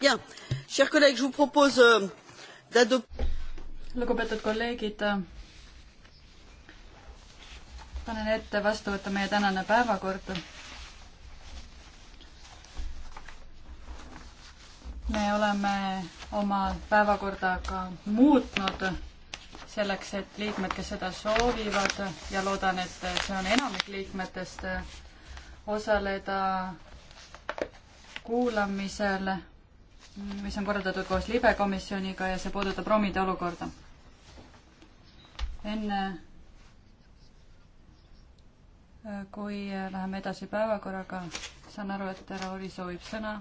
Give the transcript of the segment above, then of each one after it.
Bien, chers collègues, je vous propose euh, d'adopter. lugupeetud kolleegid, panen ette vastu võtta meie tänane päevakord. me oleme oma päevakorda ka muutnud selleks, et liikmed, kes seda soovivad ja loodan, et see on enamik liikmetest, osaleda kuulamisel mis on korraldatud koos libekomisjoniga ja see puudutab romide olukorda. enne äh, kui läheme edasi päevakorraga, saan aru, et härra Ori soovib sõna.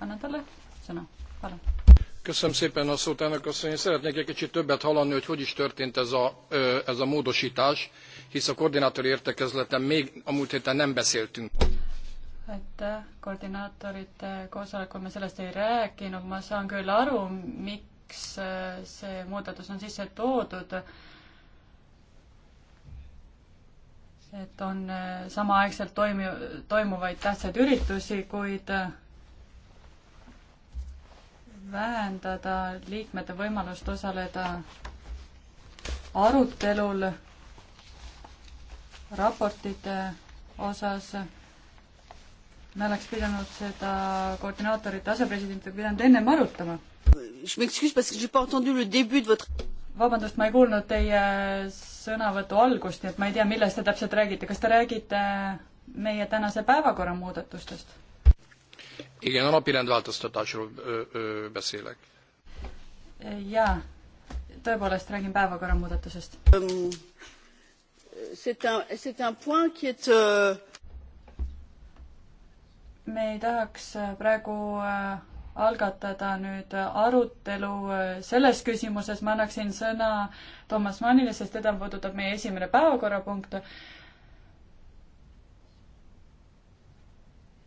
annan talle sõna, palun. Köszönöm szépen a szót, elnök asszony. Én szeretnék egy kicsit többet hallani, hogy hogy is történt ez a, ez a módosítás, hisz a koordinátori értekezleten még a múlt héten nem beszéltünk aitäh, koordinaatorite koosolekul me sellest ei rääkinud, ma saan küll aru, miks äh, see muudatus on sisse toodud. et on äh, samaaegselt toimi-, toimuvaid tähtsaid üritusi, kuid äh, vähendada liikmete võimalust osaleda arutelul raportite osas me oleks pidanud seda koordinaatorite asepresidentiga pidanud ennem arutama. vabandust, ma ei kuulnud teie sõnavõtu algust, nii et ma ei tea, millest te täpselt räägite, kas te räägite meie tänase päevakorra muudatustest? igen, alapirendvältustustasról beszélek. jaa, tõepoolest räägin päevakorra muudatusest. Euh, c'est un, c'est un point qui est euh, me ei tahaks äh, praegu äh, algatada nüüd äh, arutelu selles küsimuses, ma annaksin sõna Toomas Mannile, sest teda puudutab meie esimene päevakorrapunkt.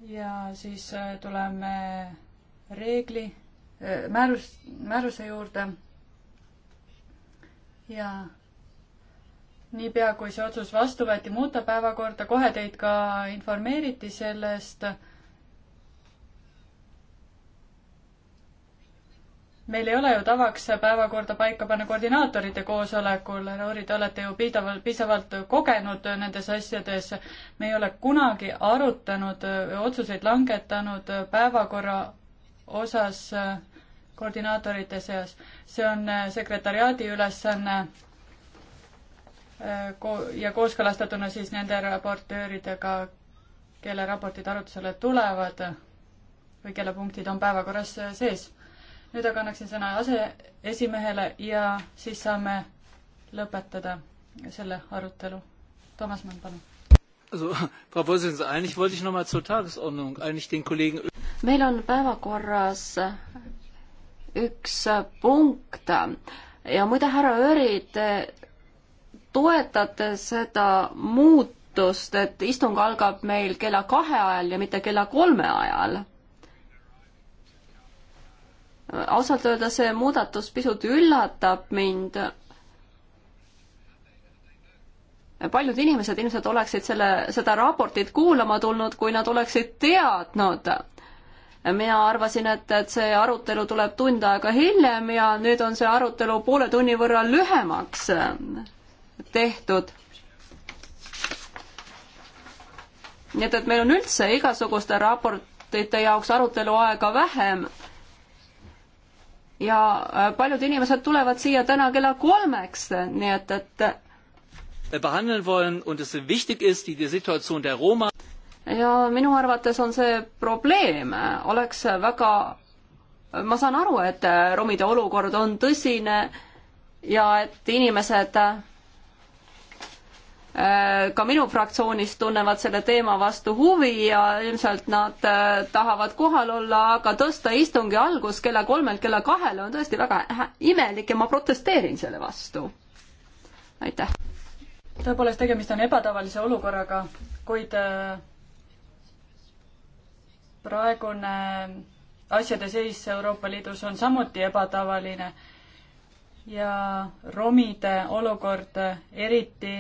ja siis tuleme reegli, määrus, määruse juurde. ja niipea, kui see otsus vastu võeti muuta päevakorda, kohe teid ka informeeriti sellest meil ei ole ju tavaks päevakorda paika panna koordinaatorite koosolekul, Lauri, te olete ju piisavalt, piisavalt kogenud nendes asjades. me ei ole kunagi arutanud, otsuseid langetanud päevakorra osas koordinaatorite seas. see on sekretariaadi ülesanne eh, ja kooskõlastatuna siis nende raportööridega, kelle raportid arutusele tulevad või kelle punktid on päevakorras sees nüüd aga annaksin sõna aseesimehele ja siis saame lõpetada selle arutelu. Toomas Mann, palun. Also, Frau Vorsitzende, eigentlich wollte ich noch mal zur Tagesordnung eigentlich den Kollegen meil on päevakorras üks punkt ja muide, härra Öri, te toetate seda muutust, et istung algab meil kella kahe ajal ja mitte kella kolme ajal ausalt öelda see muudatus pisut üllatab mind. paljud inimesed ilmselt oleksid selle, seda raportit kuulama tulnud, kui nad oleksid teadnud. mina arvasin, et, et see arutelu tuleb tund aega hiljem ja nüüd on see arutelu poole tunni võrra lühemaks tehtud nii et, et meil on üldse igasuguste raportite jaoks arutelu aega vähem ja äh, paljud inimesed tulevad siia täna kella kolmeks, nii et, et äh, behandeln wollen und es wichtig ist, die Situation der Roma ja minu arvates on see probleem, oleks väga, ma saan aru, et romide olukord on tõsine ja et inimesed Äh, ka minu fraktsioonist tunnevad selle teema vastu huvi ja ilmselt nad äh, tahavad kohal olla, aga tõsta istungi algus kella kolmelt kella kahele on tõesti väga imelik ja ma protesteerin selle vastu. aitäh. tõepoolest, tegemist on ebatavalise olukorraga, kuid äh, praegune asjade seis Euroopa Liidus on samuti ebatavaline ja romide olukord eriti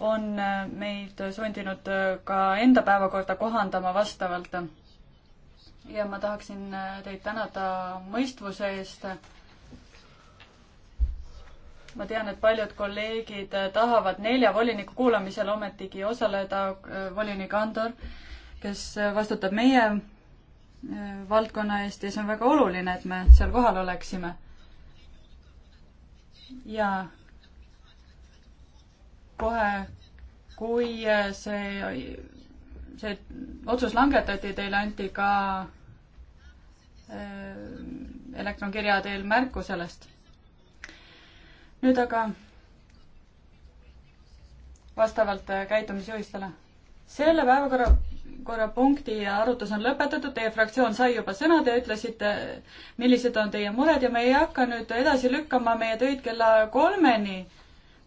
on äh, meid sundinud äh, ka enda päevakorda kohandama vastavalt. ja ma tahaksin äh, teid tänada mõistvuse eest. ma tean, et paljud kolleegid tahavad nelja voliniku kuulamisel ometigi osaleda, volinik Andor, kes vastutab meie valdkonna eest ja see on väga oluline, et me seal kohal oleksime. jaa kohe, kui see, see otsus langetati, teile anti ka äh, elektronkirja teel märku sellest. nüüd aga vastavalt äh, käitumisjuhistele. selle päevakorra, korrapunkti arutus on lõpetatud, teie fraktsioon sai juba sõna, te ütlesite, millised on teie mured ja me ei hakka nüüd edasi lükkama meie töid kella kolmeni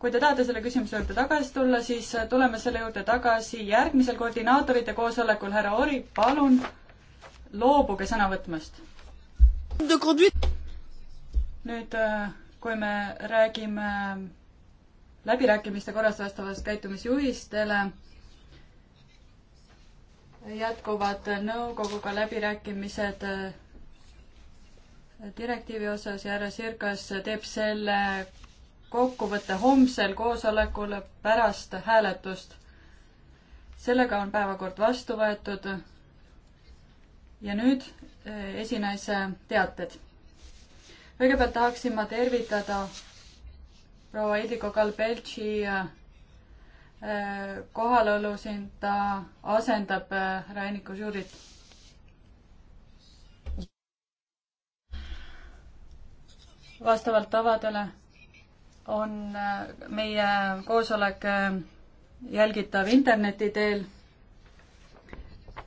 kui te tahate selle küsimuse juurde tagasi tulla, siis äh, tuleme selle juurde tagasi järgmisel koordinaatorite koosolekul. härra Ori, palun loobuge sõna võtmast. nüüd, äh, kui me räägime läbirääkimiste korras vastavast käitumisjuhistele, jätkuvad nõukoguga läbirääkimised äh, direktiivi osas ja härra Sirkas teeb selle kokkuvõte homsel koosolekul pärast hääletust. sellega on päevakord vastu võetud. ja nüüd eh, esinaise teated. kõigepealt tahaksin ma tervitada proua Ediko Kalbeltši eh, kohalolu siin, ta asendab härra eh, Enniku žüürit. vastavalt tavadele on äh, meie koosolek äh, jälgitav interneti teel.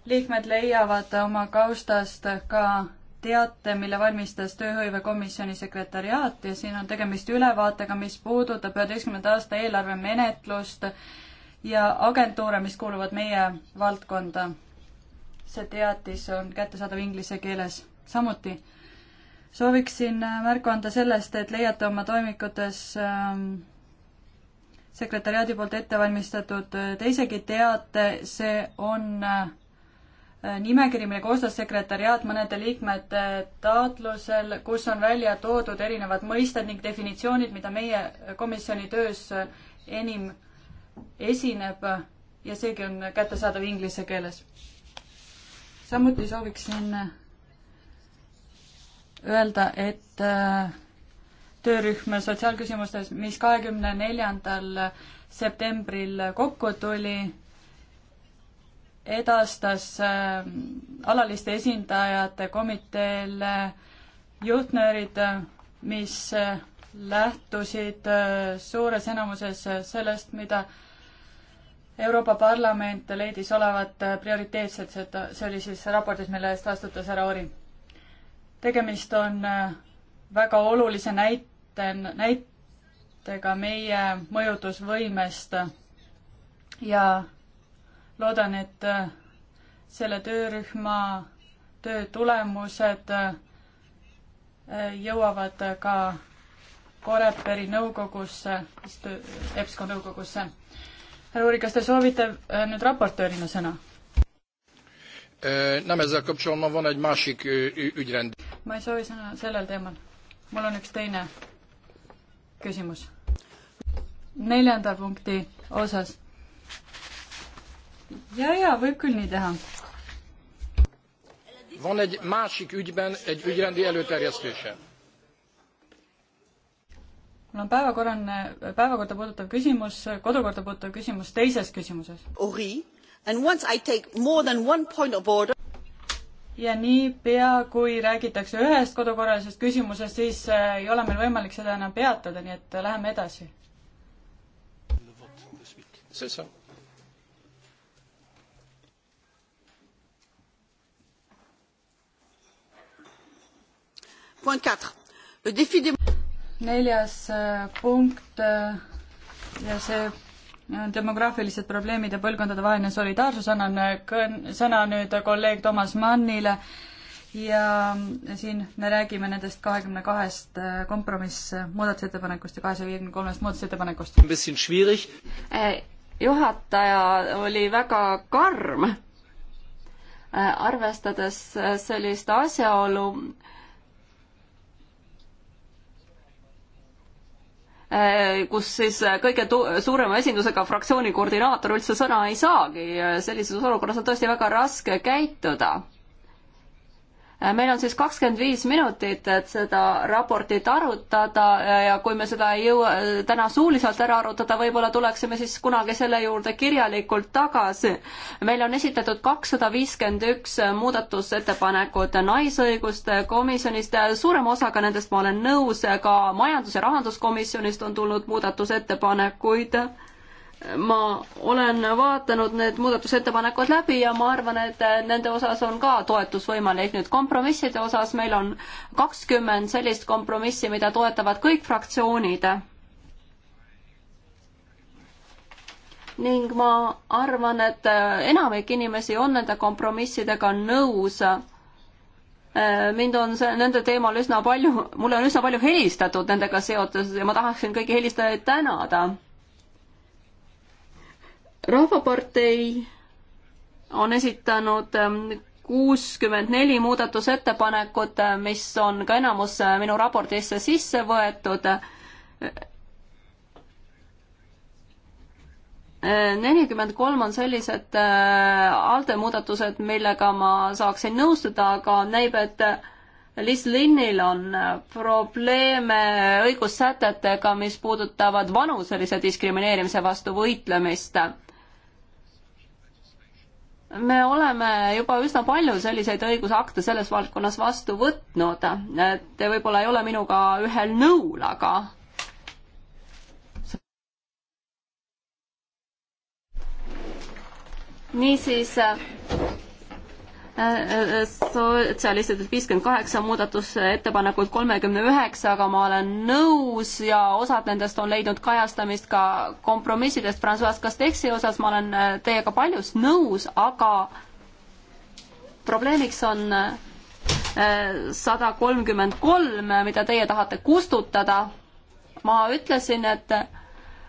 liikmed leiavad oma kaustast ka teate, mille valmistas Tööhõivekomisjoni sekretäriaat ja siin on tegemist ülevaatega, mis puudutab üheteistkümnenda aasta eelarve menetlust ja agentuure, mis kuuluvad meie valdkonda. see teatis on kättesaadav inglise keeles samuti sooviksin äh, märku anda sellest, et leiate oma toimikutes ähm, sekretäriaadi poolt ette valmistatud äh, teisegi teate, see on äh, nimekiri, mille koostas sekretäriaat mõnede liikmete taotlusel, kus on välja toodud erinevad mõisted ning definitsioonid, mida meie komisjoni töös enim esineb ja seegi on kättesaadav inglise keeles. samuti sooviksin öelda, et äh, töörühm sotsiaalküsimustes, mis kahekümne neljandal septembril kokku tuli, edastas äh, alaliste esindajate komiteele juhtnöörid, mis äh, lähtusid suures enamuses sellest, mida Euroopa Parlament leidis olevat prioriteetset, see oli siis raportis, mille eest vastutas härra Ori tegemist on äh, väga olulise näite, näitega meie mõjutusvõimest ja loodan, et äh, selle töörühma töö tulemused äh, jõuavad ka Coreperi nõukogusse, EBSCO nõukogusse. härra Uuri, kas te soovite nüüd raportöörina sõna? Nem ezzel kapcsolatban van egy másik ügyrend. ma ei soovi sõna sellel teemal. mul on üks teine küsimus. neljanda punkti osas. ja, ja võib küll nii teha. Van egy másik ügyben egy ügyrendi előterjesztése. mul on päevakorraline, päevakorda puudutav küsimus, kodukorda puudutav küsimus teises küsimuses. Ori And once I take more than one point of order ja niipea, kui räägitakse ühest kodukorralisest küsimusest, siis äh, ei ole meil võimalik seda enam peatada, nii et äh, läheme edasi. see saab. neljas äh, punkt ja see demograafilised probleemid ja põlvkondadevaheline solidaarsus, annan kõn-, sõna nüüd kolleeg Toomas Mannile ja siin me räägime nendest kahekümne kahest äh, kompromiss muudatusettepanekust ja kahesaja viiekümne kolmest muudatusettepanekust. Äh, juhataja oli väga karm, äh, arvestades sellist asjaolu, Äh, kus siis äh, kõige suurema esindusega fraktsiooni koordinaator üldse sõna ei saagi. Äh, sellises olukorras on tõesti väga raske käituda Äh, meil on siis kakskümmend viis minutit, et seda raportit arutada äh, ja kui me seda ei jõua äh, täna suuliselt ära arutada, võib-olla tuleksime siis kunagi selle juurde kirjalikult tagasi. meil on esitatud kakssada viiskümmend üks muudatusettepanekut Naisõiguste komisjonist, suurema osaga nendest ma olen nõus, ka majandus- ja rahanduskomisjonist on tulnud muudatusettepanekuid ma olen vaadanud need muudatusettepanekud läbi ja ma arvan, et nende osas on ka toetus võimalik. nüüd kompromisside osas meil on kakskümmend sellist kompromissi, mida toetavad kõik fraktsioonid. ning ma arvan, et enamik inimesi on nende kompromissidega nõus. mind on see, nende teemal üsna palju, mulle on üsna palju helistatud nendega seotud ja ma tahaksin kõiki helistajaid tänada rahvapartei on esitanud ähm, kuuskümmend neli muudatusettepanekut, äh, mis on ka enamus äh, minu raportisse sisse võetud. Äh, nelikümmend kolm on sellised ALDE muudatused, millega ma saaksin nõustuda, aga näib, et Liis Linnil on probleeme õigussätetega, mis puudutavad vanuselise diskrimineerimise vastu võitlemist me oleme juba üsna palju selliseid õigusakte selles valdkonnas vastu võtnud. Te võib-olla ei ole minuga ühel nõul, aga niisiis sotsialistidelt viiskümmend kaheksa muudatusettepanekut kolmekümne üheksaga ma olen nõus ja osad nendest on leidnud kajastamist ka kompromissidest. Francois Castexi osas ma olen äh, teiega paljus nõus, aga probleemiks on äh, sada kolmkümmend kolm, mida teie tahate kustutada. ma ütlesin, et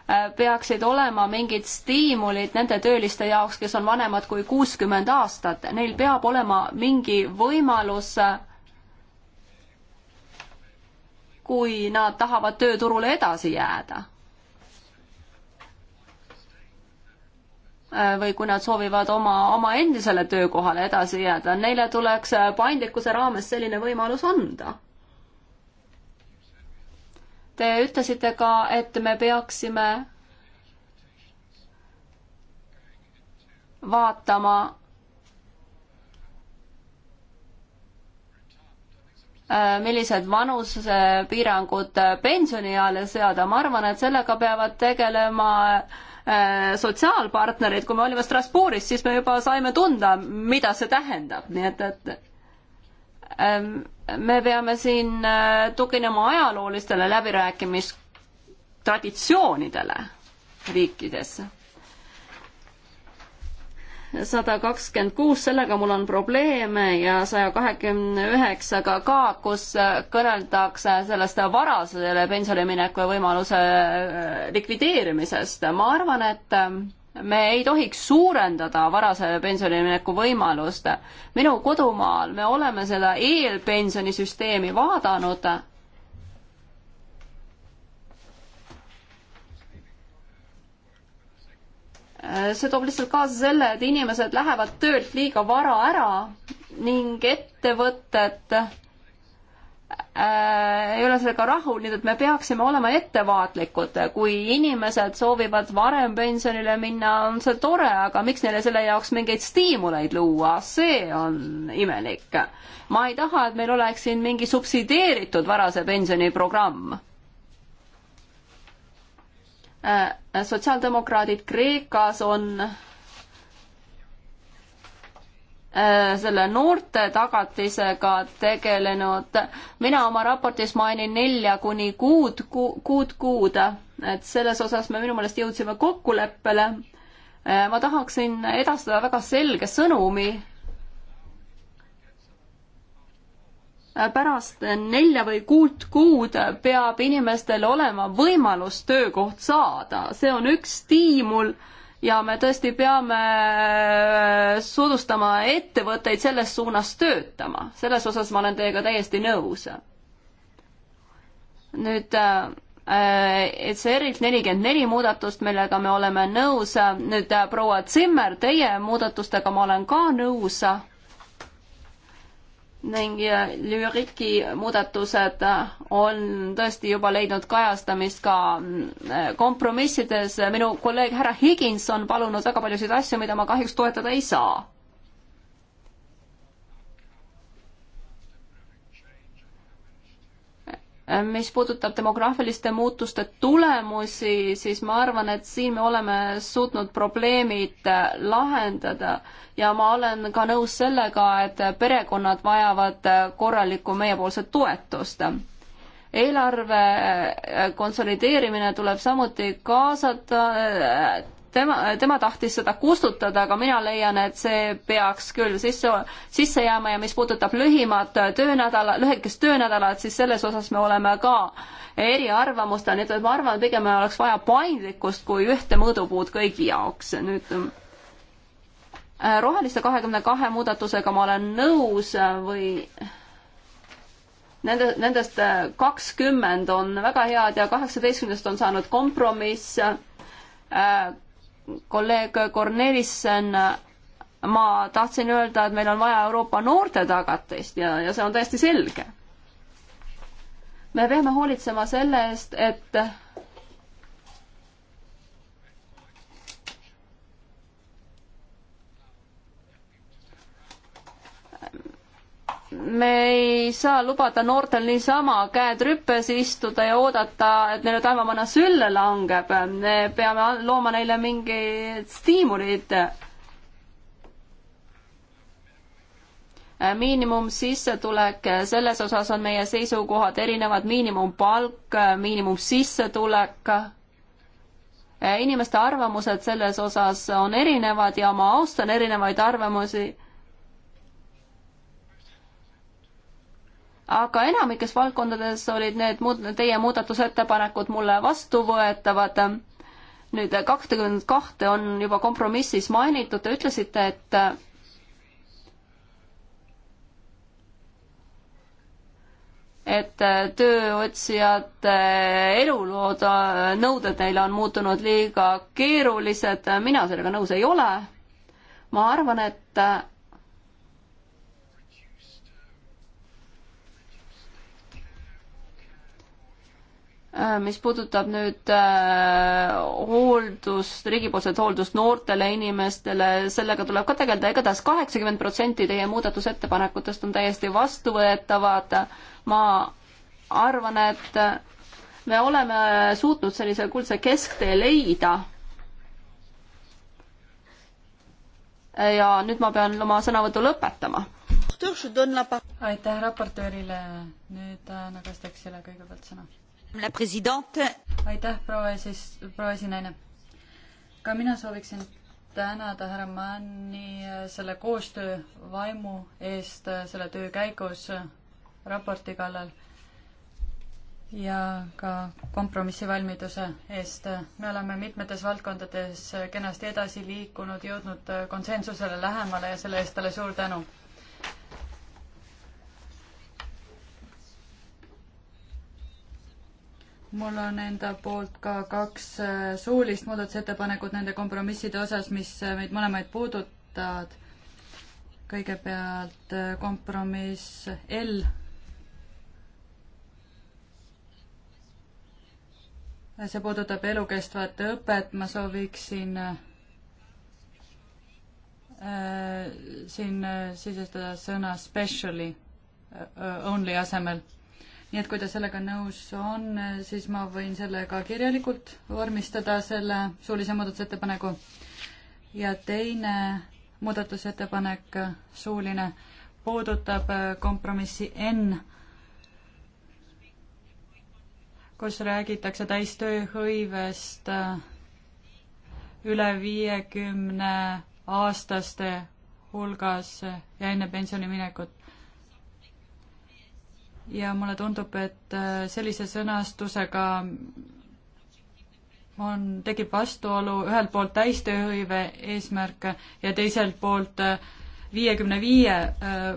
Äh, peaksid olema mingid stiimulid nende tööliste jaoks, kes on vanemad kui kuuskümmend aastat, neil peab olema mingi võimalus kui nad tahavad tööturule edasi jääda. Äh, või kui nad soovivad oma, oma endisele töökohale edasi jääda, neile tuleks paindlikkuse raames selline võimalus anda Te ütlesite ka, et me peaksime vaatama äh, millised vanusepiirangud pensionieale seada, ma arvan, et sellega peavad tegelema äh, sotsiaalpartnerid, kui me olime Strasbourgis, siis me juba saime tunda, mida see tähendab, nii et, et ähm, me peame siin äh, tuginema ajaloolistele läbirääkimistraditsioonidele riikides. sada kakskümmend kuus, sellega mul on probleeme ja saja kahekümne üheksaga ka, kus äh, kõneldakse sellest varasele pensionimineku võimaluse äh, likvideerimisest. ma arvan, et me ei tohiks suurendada varase pensionimineku võimalust. minu kodumaal me oleme seda eelpensionisüsteemi vaadanud. see toob lihtsalt kaasa selle, et inimesed lähevad töölt liiga vara ära ning ettevõtted et Äh, ei ole sellega rahul, nii et me peaksime olema ettevaatlikud, kui inimesed soovivad varem pensionile minna, on see tore, aga miks neile selle jaoks mingeid stiimuleid luua, see on imelik. ma ei taha, et meil oleks siin mingi subsideeritud varase pensioni programm. Äh, sotsiaaldemokraadid Kreekas on Äh, selle noorte tagatisega tegelenud. mina oma raportis mainin nelja kuni kuud ku,, kuud kuud, et selles osas me minu meelest jõudsime kokkuleppele. Äh, ma tahaksin edastada väga selge sõnumi. Äh, pärast nelja või kuut kuud peab inimestel olema võimalus töökoht saada, see on üks stiimul ja me tõesti peame äh, soodustama ettevõtteid selles suunas töötama, selles osas ma olen teiega täiesti nõus. nüüd et see äh, erilt nelikümmend neli muudatust, millega me oleme nõus, nüüd äh, proua Zimmer, teie muudatustega ma olen ka nõus ning lüüriki muudatused äh, on tõesti juba leidnud kajastamist ka äh, kompromissides. minu kolleeg härra Higins on palunud väga paljusid asju, mida ma kahjuks toetada ei saa. mis puudutab demograafiliste muutuste tulemusi, siis ma arvan, et siin me oleme suutnud probleemid äh, lahendada ja ma olen ka nõus sellega, et perekonnad vajavad äh, korralikku meiepoolset toetust. eelarve äh, konsolideerimine tuleb samuti kaasata tema, tema tahtis seda kustutada, aga mina leian, et see peaks küll sisse, sisse jääma ja mis puudutab lühimat töönädala, lühikest töönädalat, siis selles osas me oleme ka eriarvamustel, nii et ma arvan, pigem oleks vaja paindlikkust kui ühte mõõdupuud kõigi jaoks. nüüd äh, roheliste kahekümne kahe muudatusega ma olen nõus äh, või nende, nendest äh, kakskümmend on väga head ja kaheksateistkümnest on saanud kompromiss kolleeg Kornelissen, ma tahtsin öelda, et meil on vaja Euroopa noorte tagatist ja, ja see on täiesti selge. me peame hoolitsema selle eest, et me ei saa lubada noortel niisama käed rüppes istuda ja oodata, et neile taevamanna sülle langeb. me peame looma neile mingid stiimulid. miinimumsissetulek, selles osas on meie seisukohad erinevad, miinimumpalk, miinimumsissetulek. inimeste arvamused selles osas on erinevad ja ma austan erinevaid arvamusi aga enamikes valdkondades olid need muud, teie muudatusettepanekud mulle vastuvõetavad. nüüd kakskümmend kahte on juba kompromissis mainitud, te ütlesite, et et tööotsijate elulood, nõuded neile on muutunud liiga keerulised, mina sellega nõus ei ole. ma arvan, et Äh, mis puudutab nüüd äh, hooldust, riigipoolset hooldust noortele inimestele, sellega tuleb ka tegeleda, igatahes kaheksakümmend protsenti teie muudatusettepanekutest on täiesti vastuvõetavad. ma arvan, et me oleme suutnud sellise kuldse kesktee leida ja nüüd ma pean oma sõnavõtu lõpetama. aitäh raportöörile, nüüd Anna äh, Kasteksile kõigepealt sõna aitäh, proua esis-, proua esinaine. ka mina sooviksin tänada härra Manni selle koostöö vaimu eest selle töö käigus raporti kallal ja ka kompromissivalmiduse eest. me oleme mitmetes valdkondades kenasti edasi liikunud, jõudnud konsensusele lähemale ja selle eest talle suur tänu. mul on enda poolt ka kaks äh, suulist muudatusettepanekut nende kompromisside osas, mis äh, meid mõlemaid puudutavad. kõigepealt äh, kompromiss L. see puudutab elukestvat õpet, ma sooviksin äh, siin sisestada sõna specially äh, only asemel nii et kui ta sellega nõus on, siis ma võin selle ka kirjalikult vormistada, selle suulise muudatusettepaneku. ja teine muudatusettepanek, suuline, puudutab äh, kompromissi N, kus räägitakse täistööhõivest äh, üle viiekümne aastaste hulgas ja enne pensioni minekut ja mulle tundub, et äh, sellise sõnastusega on, tekib vastuolu ühelt poolt täistööhõive eesmärke ja teiselt poolt äh, viiekümne viie äh,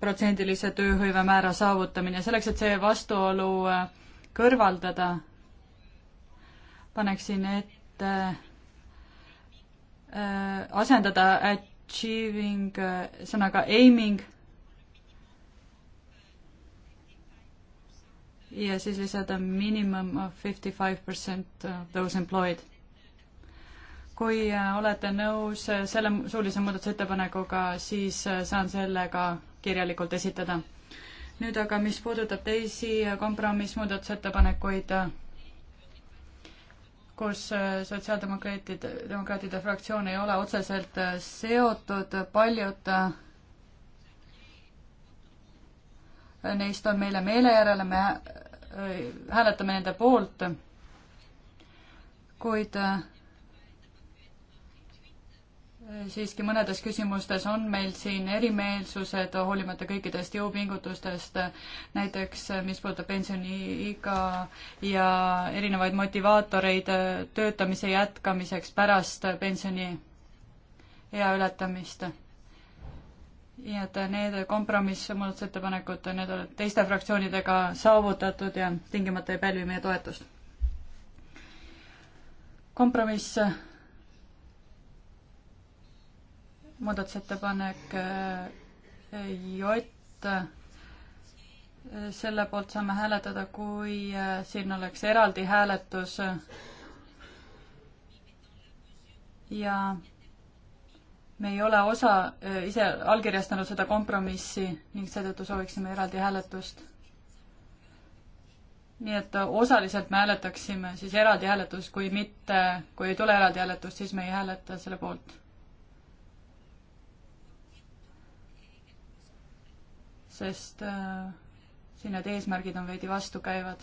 protsendilise tööhõive määra saavutamine. selleks, et see vastuolu kõrvaldada, paneksin ette asendada achieving sõnaga aiming ja siis lisada minimum of fifty five percent of äh, those employed. kui äh, olete nõus äh, selle suulise muudatusettepanekuga, siis saan selle ka kirjalikult esitada. nüüd aga, mis puudutab teisi kompromissmuudatusettepanekuid, kus sotsiaaldemokraatide, demokraatide fraktsioon ei ole otseselt seotud, paljud neist on meile meele järele, me Äh, hääletame nende poolt, kuid äh, siiski mõnedes küsimustes on meil siin erimeelsused, hoolimata kõikidest jõupingutustest, näiteks äh, mis puudutab pensioniiga ja erinevaid motivaatoreid töötamise jätkamiseks pärast pensioniea ületamist nii et need kompromissmuudatusettepanekud, need olid teiste fraktsioonidega saavutatud ja tingimata ei pälvi meie toetust. kompromiss muudatusettepanek J, selle poolt saame hääletada, kui äh, siin oleks eraldi hääletus ja me ei ole osa, ise allkirjastanud seda kompromissi ning seetõttu sooviksime eraldi hääletust. nii et osaliselt me hääletaksime siis eraldi hääletust, kui mitte, kui ei tule eraldi hääletust, siis me ei hääleta selle poolt. sest äh, siin need eesmärgid on veidi vastukäivad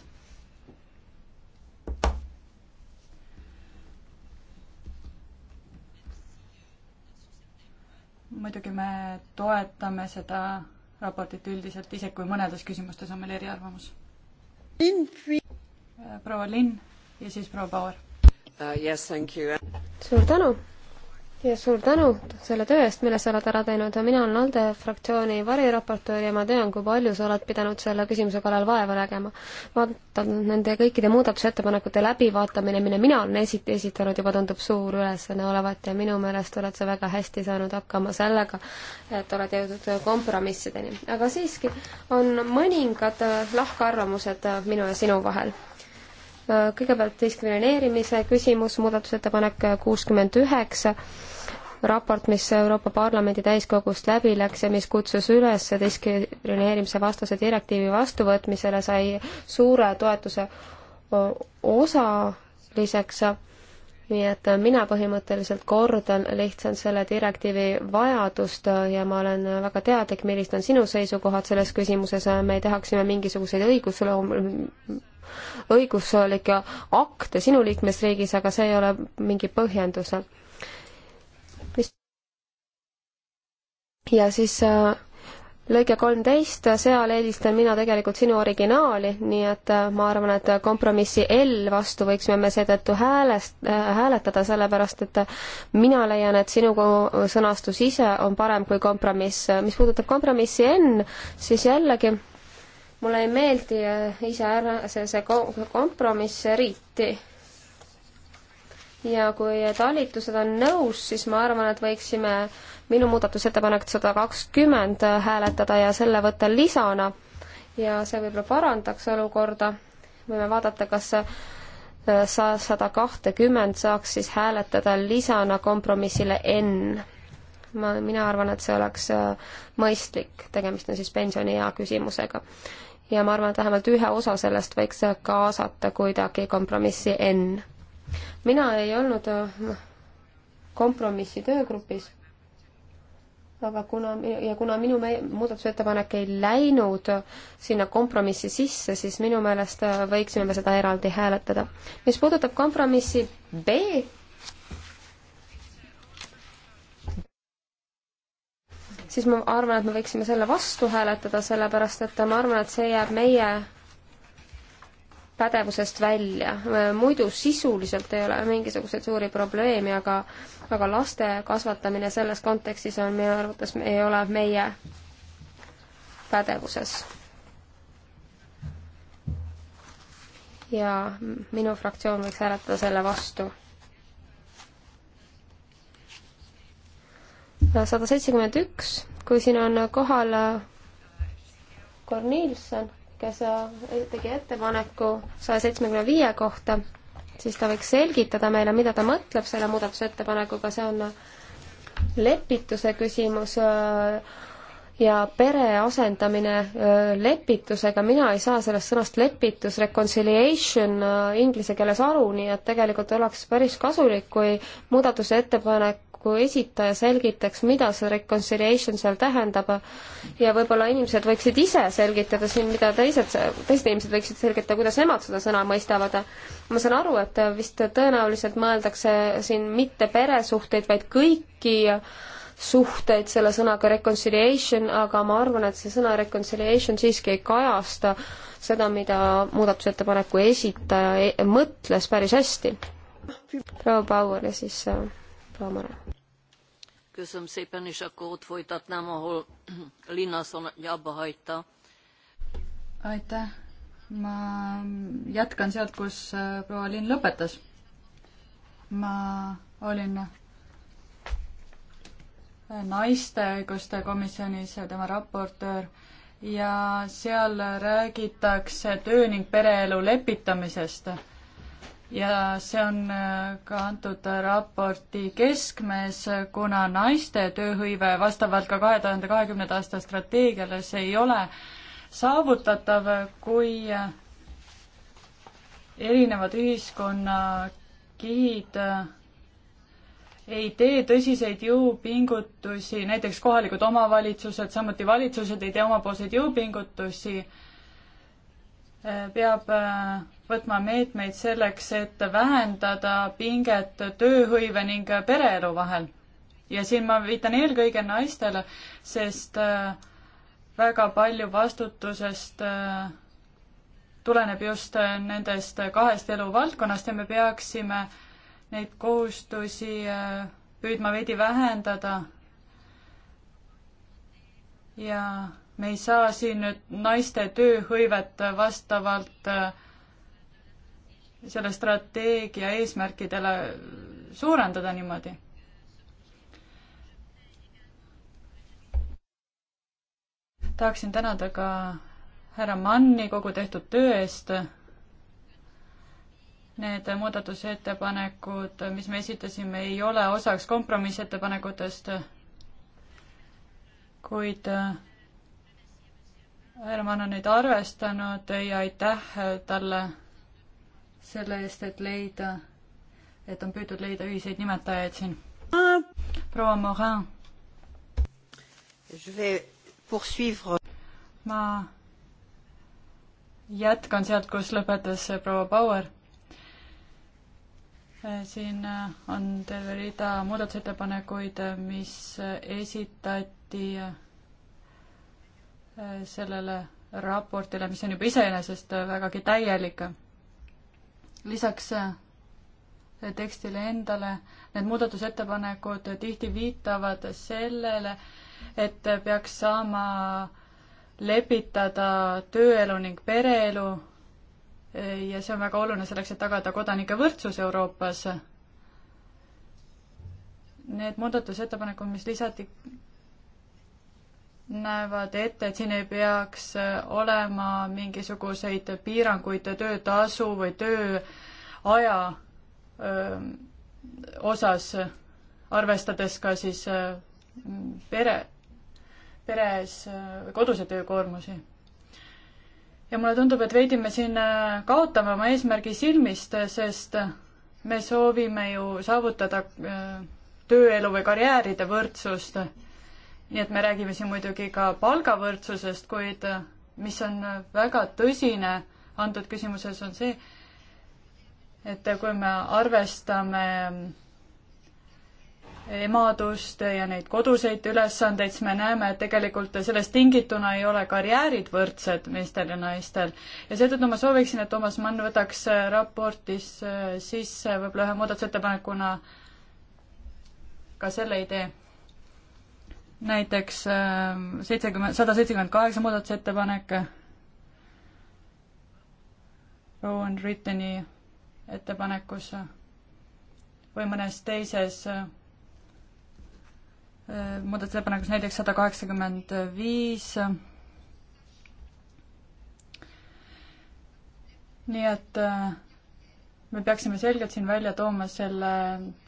muidugi me toetame seda raportit üldiselt, isegi kui mõnedes küsimustes on meil eriarvamus. proua Linn ja siis proua Bauer uh,. Yes, thank you. suur tänu ja suur tänu selle töö eest, mille sa oled ära teinud. mina olen ALDE fraktsiooni variraportöör ja ma tean, kui palju sa oled pidanud selle küsimuse kallal vaeva nägema. vaatan nende kõikide muudatusettepanekute läbivaatamine, mille mina olen esiti esitanud, juba tundub suur ülesanne olevat ja minu meelest oled sa väga hästi saanud hakkama sellega, et oled jõudnud kompromissideni. aga siiski on mõningad lahkarvamused minu ja sinu vahel kõigepealt diskrimineerimise küsimus, muudatusettepanek kuuskümmend üheksa, raport, mis Euroopa Parlamendi täiskogust läbi läks ja mis kutsus üles diskrimineerimise vastase direktiivi vastuvõtmisele, sai suure toetuse osaliseks nii et mina põhimõtteliselt kordan lihtsalt selle direktiivi vajadust ja ma olen väga teadlik, millised on sinu seisukohad selles küsimuses, me tahaksime mingisuguseid õigusloom-, õiguslikke akte sinu liikmesriigis, aga see ei ole mingi põhjendus. mis ja siis äh, lõige kolmteist, seal eelistan mina tegelikult sinu originaali, nii et äh, ma arvan, et kompromissi L vastu võiksime me seetõttu häälest äh,, hääletada, sellepärast et äh, mina leian, et sinu sõnastus ise on parem kui kompromiss. mis puudutab kompromissi N, siis jällegi mulle ei meeldi äh, ise ära see, see kompromiss riiti. ja kui talitused on nõus, siis ma arvan, et võiksime minu muudatusettepanekut sada kakskümmend äh, hääletada ja selle võtta lisana ja see võib-olla parandaks olukorda. võime vaadata, kas äh, sa sada kahtekümmend saaks siis hääletada lisana kompromissile N ma, mina arvan, et see oleks mõistlik, tegemist on siis pensioniea küsimusega ja ma arvan, et vähemalt ühe osa sellest võiks kaasata kuidagi kompromissi N. mina ei olnud äh, kompromissi töögrupis, aga kuna, ja kuna minu muudatusettepanek ei läinud sinna kompromissi sisse, siis minu meelest äh, võiksime me seda eraldi hääletada. mis puudutab kompromissi B, siis ma arvan, et me võiksime selle vastu hääletada, sellepärast et ma arvan, et see jääb meie pädevusest välja. muidu sisuliselt ei ole mingisuguseid suuri probleeme, aga, aga laste kasvatamine selles kontekstis on minu arvates, ei ole meie pädevuses. ja minu fraktsioon võiks hääletada selle vastu sada seitsekümmend üks, kui siin on kohal Kornilson, kes tegi ettepaneku saja seitsmekümne viie kohta, siis ta võiks selgitada meile, mida ta mõtleb selle muudatusettepanekuga, see on lepituse küsimus äh, ja pere asendamine äh, lepitusega, mina ei saa sellest sõnast lepitus, reconciliation äh, inglise keeles aru, nii et tegelikult oleks päris kasulik, kui muudatuse ettepanek kui esitaja selgitaks, mida see reconciliation seal tähendab ja võib-olla inimesed võiksid ise selgitada siin, mida teised, teised inimesed võiksid selgitada, kuidas nemad seda sõna mõistavad. ma saan aru, et vist tõenäoliselt mõeldakse siin mitte peresuhteid, vaid kõiki suhteid selle sõnaga reconciliation, aga ma arvan, et see sõna reconciliation siiski ei kajasta seda, mida muudatusettepaneku esitaja e-, mõtles päris hästi. proua Bauer ja siis äh, proua Mare. köszönöm szépen, és akkor ott folytatnám, ahol Linnasson abba hagyta. aitäh, ma jätkan sealt, kus äh, proua Linn lõpetas. ma olin äh, naiste õiguste komisjonis tema raportöör ja seal räägitakse töö ning pereelu lepitamisest ja see on äh, ka antud raporti keskmes, kuna naiste tööhõive vastavalt ka kahe tuhande kahekümnenda aasta strateegiale, see ei ole saavutatav, kui äh, erinevad ühiskonnakihid äh, ei tee tõsiseid jõupingutusi, näiteks kohalikud omavalitsused, samuti valitsused ei tee omapoolseid jõupingutusi, peab võtma meetmeid selleks, et vähendada pinget tööhõive ning pereelu vahel. ja siin ma viitan eelkõige naistele, sest äh, väga palju vastutusest äh, tuleneb just äh, nendest kahest eluvaldkonnast ja me peaksime neid kohustusi püüdma veidi vähendada. ja me ei saa siin nüüd naiste tööhõivet vastavalt äh, selle strateegia eesmärkidele suurendada niimoodi? tahaksin tänada ka härra Manni kogu tehtud töö eest. Need muudatusettepanekud, mis me esitasime, ei ole osaks kompromissettepanekutest, kuid Herman äh, on neid arvestanud ja aitäh talle selle eest, et leida, et on püütud leida ühiseid nimetajaid siin. proua Morin. ma jätkan sealt, kus lõpetas proua Bauer siin on terve rida muudatusettepanekuid, mis esitati sellele raportile, mis on juba iseenesest vägagi täielik lisaks äh, tekstile endale, need muudatusettepanekud tihti viitavad sellele, et peaks saama lepitada tööelu ning pereelu äh, ja see on väga oluline selleks, et tagada kodanike võrdsus Euroopas. Need muudatusettepanekud, mis lisati näevad ette, et siin ei peaks äh, olema mingisuguseid piiranguid töötasu või tööaja öö, ähm, osas, arvestades ka siis öö, äh, pere, peres öö, äh, koduse töökoormusi. ja mulle tundub, et veidi me siin kaotame oma eesmärgi silmist, sest me soovime ju saavutada öö, tööelu või karjääride võrdsust nii et me räägime siin muidugi ka palgavõrdsusest, kuid äh, mis on äh, väga tõsine antud küsimuses, on see, et äh, kui me arvestame emadust ja neid koduseid ülesandeid, siis me näeme, et tegelikult sellest tingituna ei ole karjäärid võrdsed meestel ja naistel. ja seetõttu ma sooviksin, et Toomas Mann võtaks raportis sisse võib-olla ühe muudatusettepanekuna ka selle idee näiteks ähm, seitsekümmend, sada seitsekümmend kaheksa muudatusettepanek, Rowan Ritteni ettepanekus või mõnes teises äh, muudatusettepanekus, näiteks sada kaheksakümmend viis, nii et äh, me peaksime selgelt siin välja tooma selle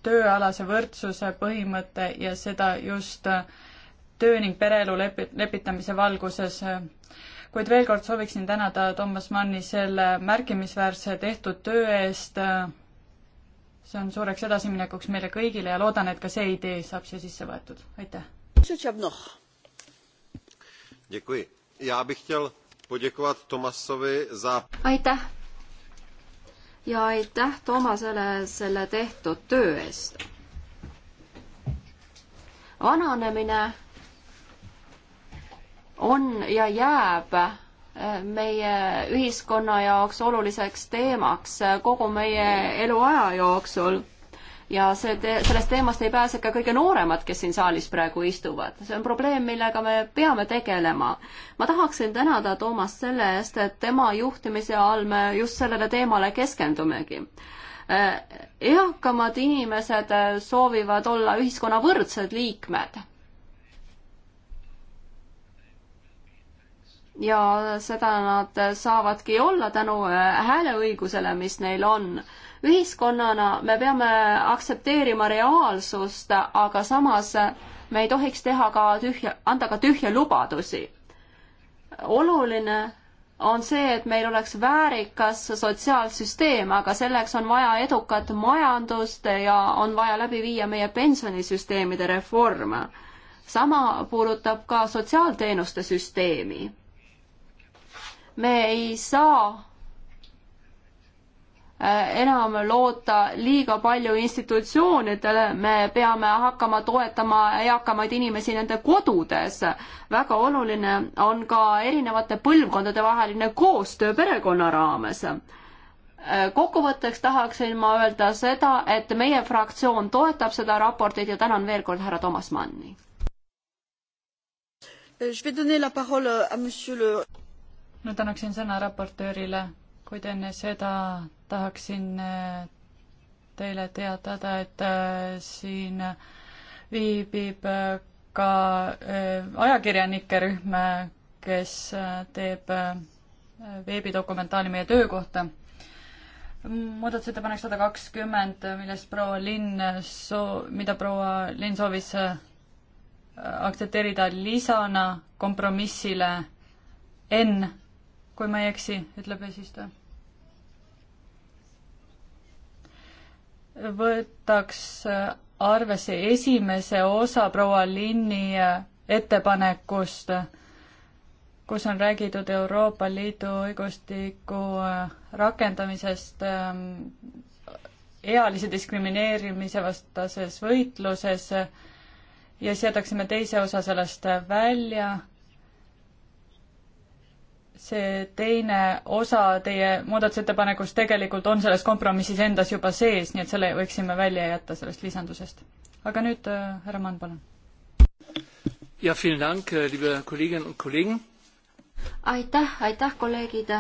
tööalase võrdsuse põhimõtte ja seda just äh, töö ning pereelu lepi-, lepitamise valguses. kuid veel kord sooviksin tänada Toomas Manni selle märkimisväärse tehtud töö eest. see on suureks edasiminekuks meile kõigile ja loodan, et ka see idee saab siia sisse võetud. aitäh! aitäh! ja aitäh Toomasele selle tehtud töö eest. vananemine on ja jääb äh, meie ühiskonna jaoks oluliseks teemaks äh, kogu meie eluaja jooksul. ja see te-, sellest teemast ei pääse ka kõige nooremad, kes siin saalis praegu istuvad. see on probleem, millega me peame tegelema. ma tahaksin tänada Toomast selle eest, et tema juhtimise all me just sellele teemale keskendumegi äh, eakamad inimesed soovivad olla ühiskonna võrdsed liikmed ja seda nad saavadki olla tänu äh, hääleõigusele, mis neil on. ühiskonnana me peame aktsepteerima reaalsust, aga samas me ei tohiks teha ka tühja, anda ka tühje lubadusi. oluline on see, et meil oleks väärikas sotsiaalsüsteem, aga selleks on vaja edukat majandust ja on vaja läbi viia meie pensionisüsteemide reform. sama puudutab ka sotsiaalteenuste süsteemi me ei saa äh, enam loota liiga palju institutsioonidele, me peame hakkama toetama eakamaid inimesi nende kodudes. väga oluline on ka erinevate põlvkondade vaheline koostöö perekonna raames. Äh, kokkuvõtteks tahaksin ma öelda seda, et meie fraktsioon toetab seda raportit ja tänan veel kord härra Toomas Manni nüüd annaksin sõna raportöörile, kuid enne seda tahaksin eh, teile teatada, et eh, siin viibib eh, ka ajakirjanike rühm, kes teeb veebidokumentaali meie töö kohta. muudatusettepanek sada kakskümmend, millest proua Linn soo-, mida proua Linn soovis aktsepteerida lisana kompromissile N kui ma ei eksi, ütleb eesistuja. võtaks arvesse esimese osa proua Linni ettepanekust, kus on räägitud Euroopa Liidu õigustiku rakendamisest ähm, ealise diskrimineerimise vastases võitluses ja seadaksime teise osa sellest välja see teine osa teie muudatusettepanekust tegelikult on selles kompromissis endas juba sees, nii et selle võiksime välja jätta sellest lisandusest. aga nüüd äh, härra Mann, palun. ja, dank, äh, liebe kolleegin und kollegen. aitäh, aitäh, kolleegid.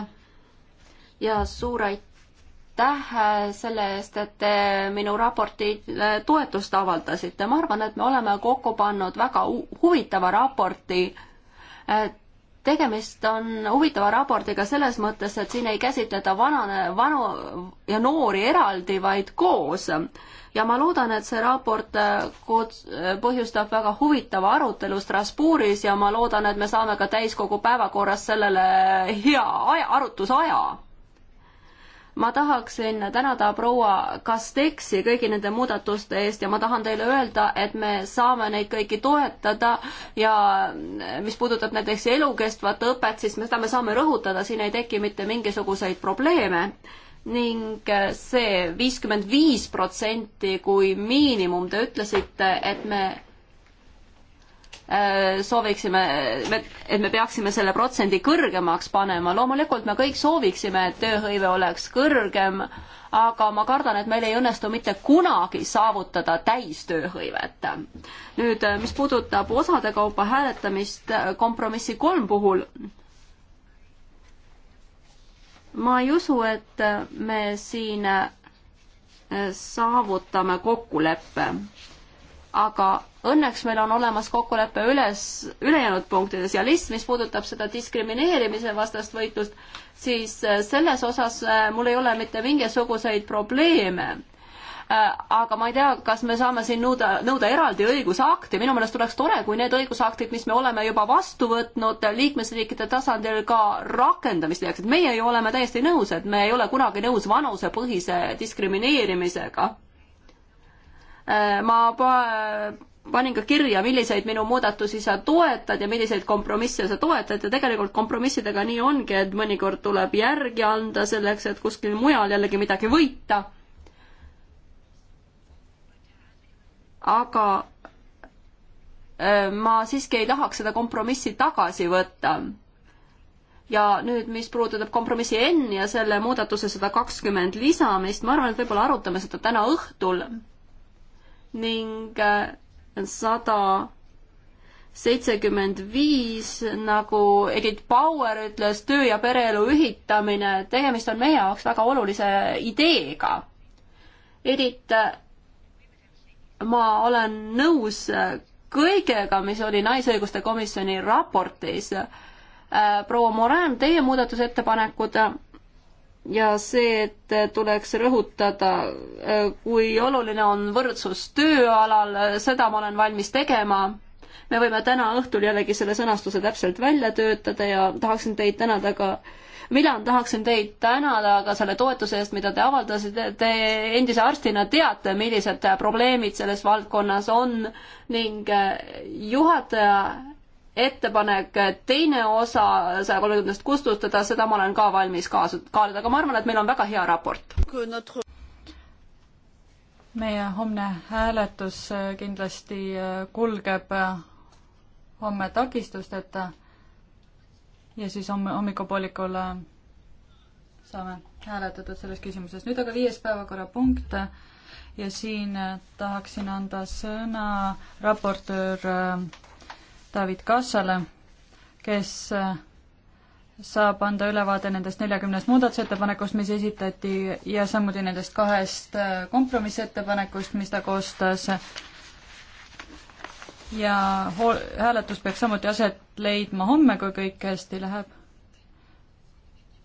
ja suur aitäh äh, selle eest, et te minu raportile toetust avaldasite. ma arvan, et me oleme kokku pannud väga huvitava raporti tegemist on huvitava raportiga selles mõttes, et siin ei käsitleta vanane, vanu ja noori eraldi, vaid koos. ja ma loodan, et see raport äh, äh, põhjustab väga huvitava arutelu Strasbourgis ja ma loodan, et me saame ka täiskogu päevakorras sellele hea aja, arutlusaja ma tahaksin tänada proua Kasteksi kõigi nende muudatuste eest ja ma tahan teile öelda, et me saame neid kõiki toetada ja mis puudutab näiteks elukestvat õpet, siis me seda me saame rõhutada, siin ei teki mitte mingisuguseid probleeme ning see viiskümmend viis protsenti kui miinimum, te ütlesite, et me Äh, sooviksime, et me peaksime selle protsendi kõrgemaks panema, loomulikult me kõik sooviksime, et tööhõive oleks kõrgem, aga ma kardan, et meil ei õnnestu mitte kunagi saavutada täistööhõivet. nüüd, äh, mis puudutab osade kaupa hääletamist äh, kompromissi kolm puhul, ma ei usu, et me siin saavutame kokkuleppe aga õnneks meil on olemas kokkulepe üles, ülejäänud punktides ja list, mis puudutab seda diskrimineerimise vastast võitlust, siis äh, selles osas äh, mul ei ole mitte mingisuguseid probleeme. Äh, aga ma ei tea, kas me saame siin nõuda, nõuda eraldi õigusakte, minu meelest oleks tore, kui need õigusaktid, mis me oleme juba vastu võtnud liikmesriikide tasandil ka rakendamist leiaks, et meie ju oleme täiesti nõus, et me ei ole kunagi nõus vanusepõhise diskrimineerimisega Äh, ma panin ka kirja, milliseid minu muudatusi sa toetad ja milliseid kompromisse sa toetad ja tegelikult kompromissidega nii ongi, et mõnikord tuleb järgi anda selleks, et kuskil mujal jällegi midagi võita. aga äh, ma siiski ei tahaks seda kompromissi tagasi võtta ja nüüd, mis puudutab kompromissi N ja selle muudatuse sada kakskümmend lisamist, ma arvan, et võib-olla arutame seda täna õhtul ning äh, sada seitsekümmend viis, nagu Edith Bauer ütles, töö ja pereelu ühitamine, tegemist on meie jaoks väga olulise ideega. Edith, ma olen nõus kõigega, mis oli Naisõiguste Komisjoni raportis. Äh, proua Moran, teie muudatusettepanekud ja see, et tuleks rõhutada, äh, kui oluline on võrdsus tööalal, äh, seda ma olen valmis tegema. me võime täna õhtul jällegi selle sõnastuse täpselt välja töötada ja tahaksin teid tänada ka Milan, tahaksin teid tänada ka selle toetuse eest, mida te avaldasite, te endise arstina teate, millised probleemid selles valdkonnas on ning äh, juhataja ettepanek teine osa saja kolmekümnest kustutada, seda ma olen ka valmis kaasa, kaaluda, aga ma arvan, et meil on väga hea raport. meie homne hääletus äh, kindlasti äh, kulgeb äh, homme takistusteta ja siis homme hommikupoolikul saame hääletatud selles küsimuses. nüüd aga viies päevakorrapunkt ja siin tahaksin anda sõna raportöör David Kassale, kes äh, saab anda ülevaade nendest neljakümnest muudatusettepanekust, mis esitati ja samuti nendest kahest äh, kompromissettepanekust, mis ta koostas. ja hääletus peaks samuti aset leidma homme, kui kõik hästi läheb.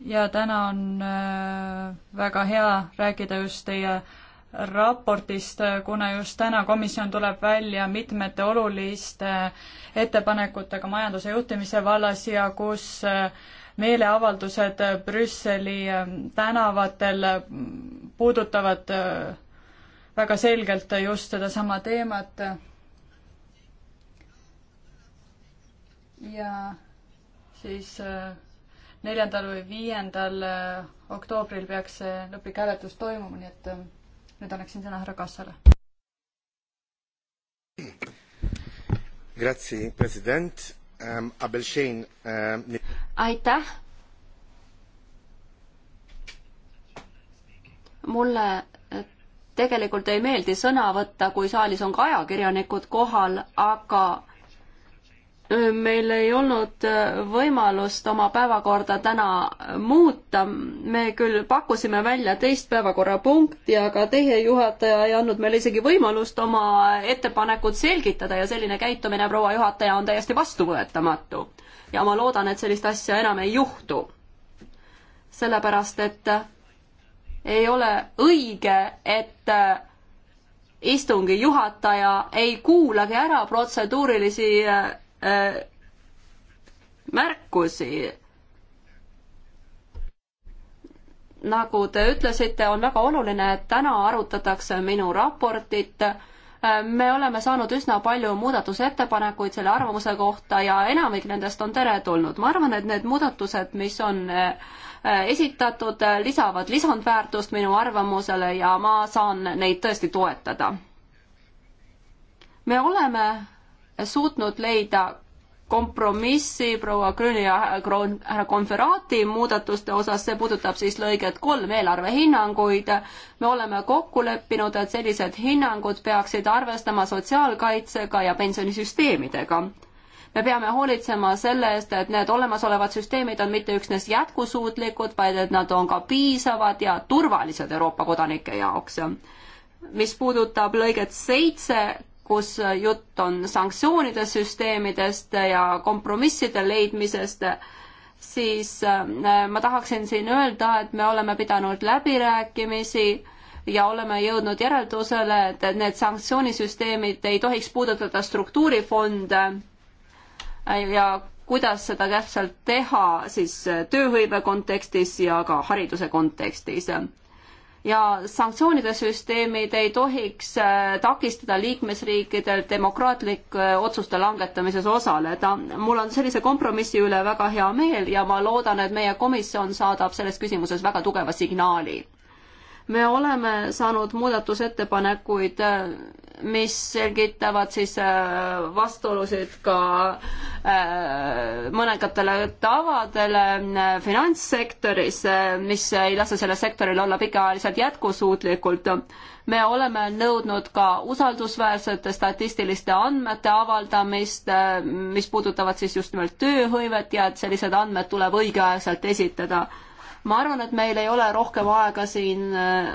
ja täna on äh, väga hea rääkida just teie äh, raportist, kuna just täna komisjon tuleb välja mitmete oluliste ettepanekutega majanduse juhtimise vallas ja kus äh, meeleavaldused Brüsseli äh, tänavatel mm, puudutavad äh, väga selgelt just sedasama teemat. ja siis neljandal või viiendal oktoobril peaks see lõplik hääletus toimuma, nii et nüüd annaksin sõna härra Kassale. Grazie, president ähm,. Abelšein ähm,. aitäh. mulle äh, tegelikult ei meeldi sõna võtta, kui saalis on ka ajakirjanikud kohal, aga meil ei olnud äh, võimalust oma päevakorda täna äh, muuta, me küll pakkusime välja teist päevakorrapunkti, aga teie juhataja ei andnud meile isegi võimalust oma ettepanekut selgitada ja selline käitumine, proua juhataja, on täiesti vastuvõetamatu. ja ma loodan, et sellist asja enam ei juhtu. sellepärast, et äh, ei ole õige, et istungi juhataja ei kuulagi ära protseduurilisi Äh, märkusi. nagu te ütlesite, on väga oluline, et täna arutatakse minu raportit äh, me oleme saanud üsna palju muudatusettepanekuid selle arvamuse kohta ja enamik nendest on teretulnud. ma arvan, et need muudatused, mis on äh, esitatud, lisavad lisandväärtust minu arvamusele ja ma saan neid tõesti toetada. me oleme suutnud leida kompromissi proua Grüni ja härra Konverati muudatuste osas, see puudutab siis lõiget kolm eelarvehinnanguid. me oleme kokku leppinud, et sellised hinnangud peaksid arvestama sotsiaalkaitsega ja pensionisüsteemidega. me peame hoolitsema selle eest, et need olemasolevad süsteemid on mitte üksnes jätkusuutlikud, vaid et nad on ka piisavad ja turvalised Euroopa kodanike jaoks mis puudutab lõiget seitse, kus jutt on sanktsioonide süsteemidest ja kompromisside leidmisest, siis äh, ma tahaksin siin öelda, et me oleme pidanud läbirääkimisi ja oleme jõudnud järeldusele, et need sanktsioonisüsteemid ei tohiks puudutada struktuurifonde ja kuidas seda täpselt teha siis tööhõive kontekstis ja ka hariduse kontekstis ja sanktsioonide süsteemid ei tohiks äh, takistada liikmesriikidel demokraatlike äh, otsuste langetamises osaleda. mul on sellise kompromissi üle väga hea meel ja ma loodan, et meie komisjon saadab selles küsimuses väga tugeva signaali me oleme saanud muudatusettepanekuid äh, mis selgitavad siis äh, vastuolusid ka äh, mõningatele tavadele äh, finantssektoris, mis ei lase sellel sektoril olla pikaajaliselt jätkusuutlikult. me oleme nõudnud ka usaldusväärsete statistiliste andmete avaldamist, mis puudutavad siis just nimelt tööhõivet ja et sellised andmed tuleb õigeaegselt esitada ma arvan, et meil ei ole rohkem aega siin äh,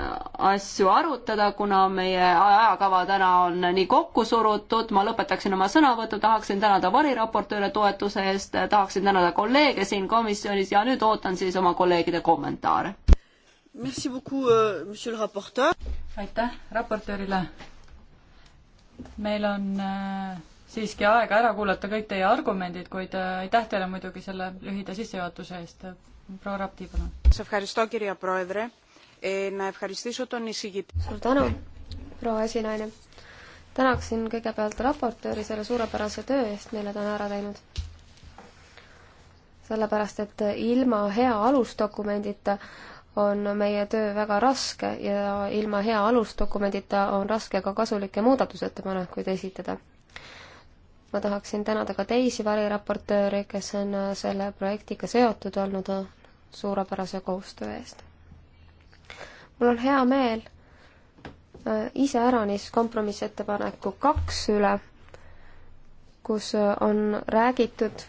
asju arutada, kuna meie ajakava täna on nii kokku surutud, ma lõpetaksin oma sõnavõtu, tahaksin tänada variraportööre toetuse eest, tahaksin tänada kolleege siin komisjonis ja nüüd ootan siis oma kolleegide kommentaare. Euh, aitäh raportöörile. meil on äh, siiski aega ära kuulata kõik teie argumendid, kuid äh, aitäh teile muidugi selle lühida sissejuhatuse eest proua Rapti, palun. suur tänu, proua esinaine. tänaksin kõigepealt raportööri selle suurepärase töö eest, mille ta on ära teinud. sellepärast, et ilma hea alusdokumendita on meie töö väga raske ja ilma hea alusdokumendita on raske ka kasulikke muudatusettepanekuid esitada ma tahaksin tänada ka teisi variraportööre, kes on äh, selle projektiga seotud olnud äh, suurepärase koostöö eest. mul on hea meel äh, iseäranis kompromissettepaneku kaks üle, kus on räägitud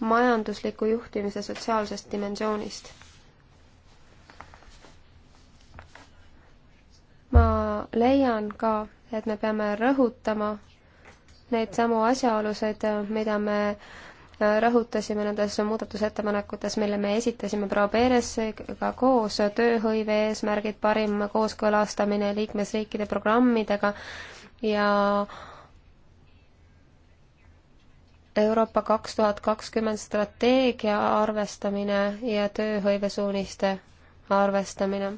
majandusliku juhtimise sotsiaalsest dimensioonist. ma leian ka, et me peame rõhutama neid samu asjaolusid, mida me äh, rõhutasime nendes muudatusettepanekutes, mille me esitasime proua Peeresega koos, tööhõive eesmärgid, parim kooskõlastamine liikmesriikide programmidega ja Euroopa kaks tuhat kakskümmend strateegia arvestamine ja tööhõivesuuniste arvestamine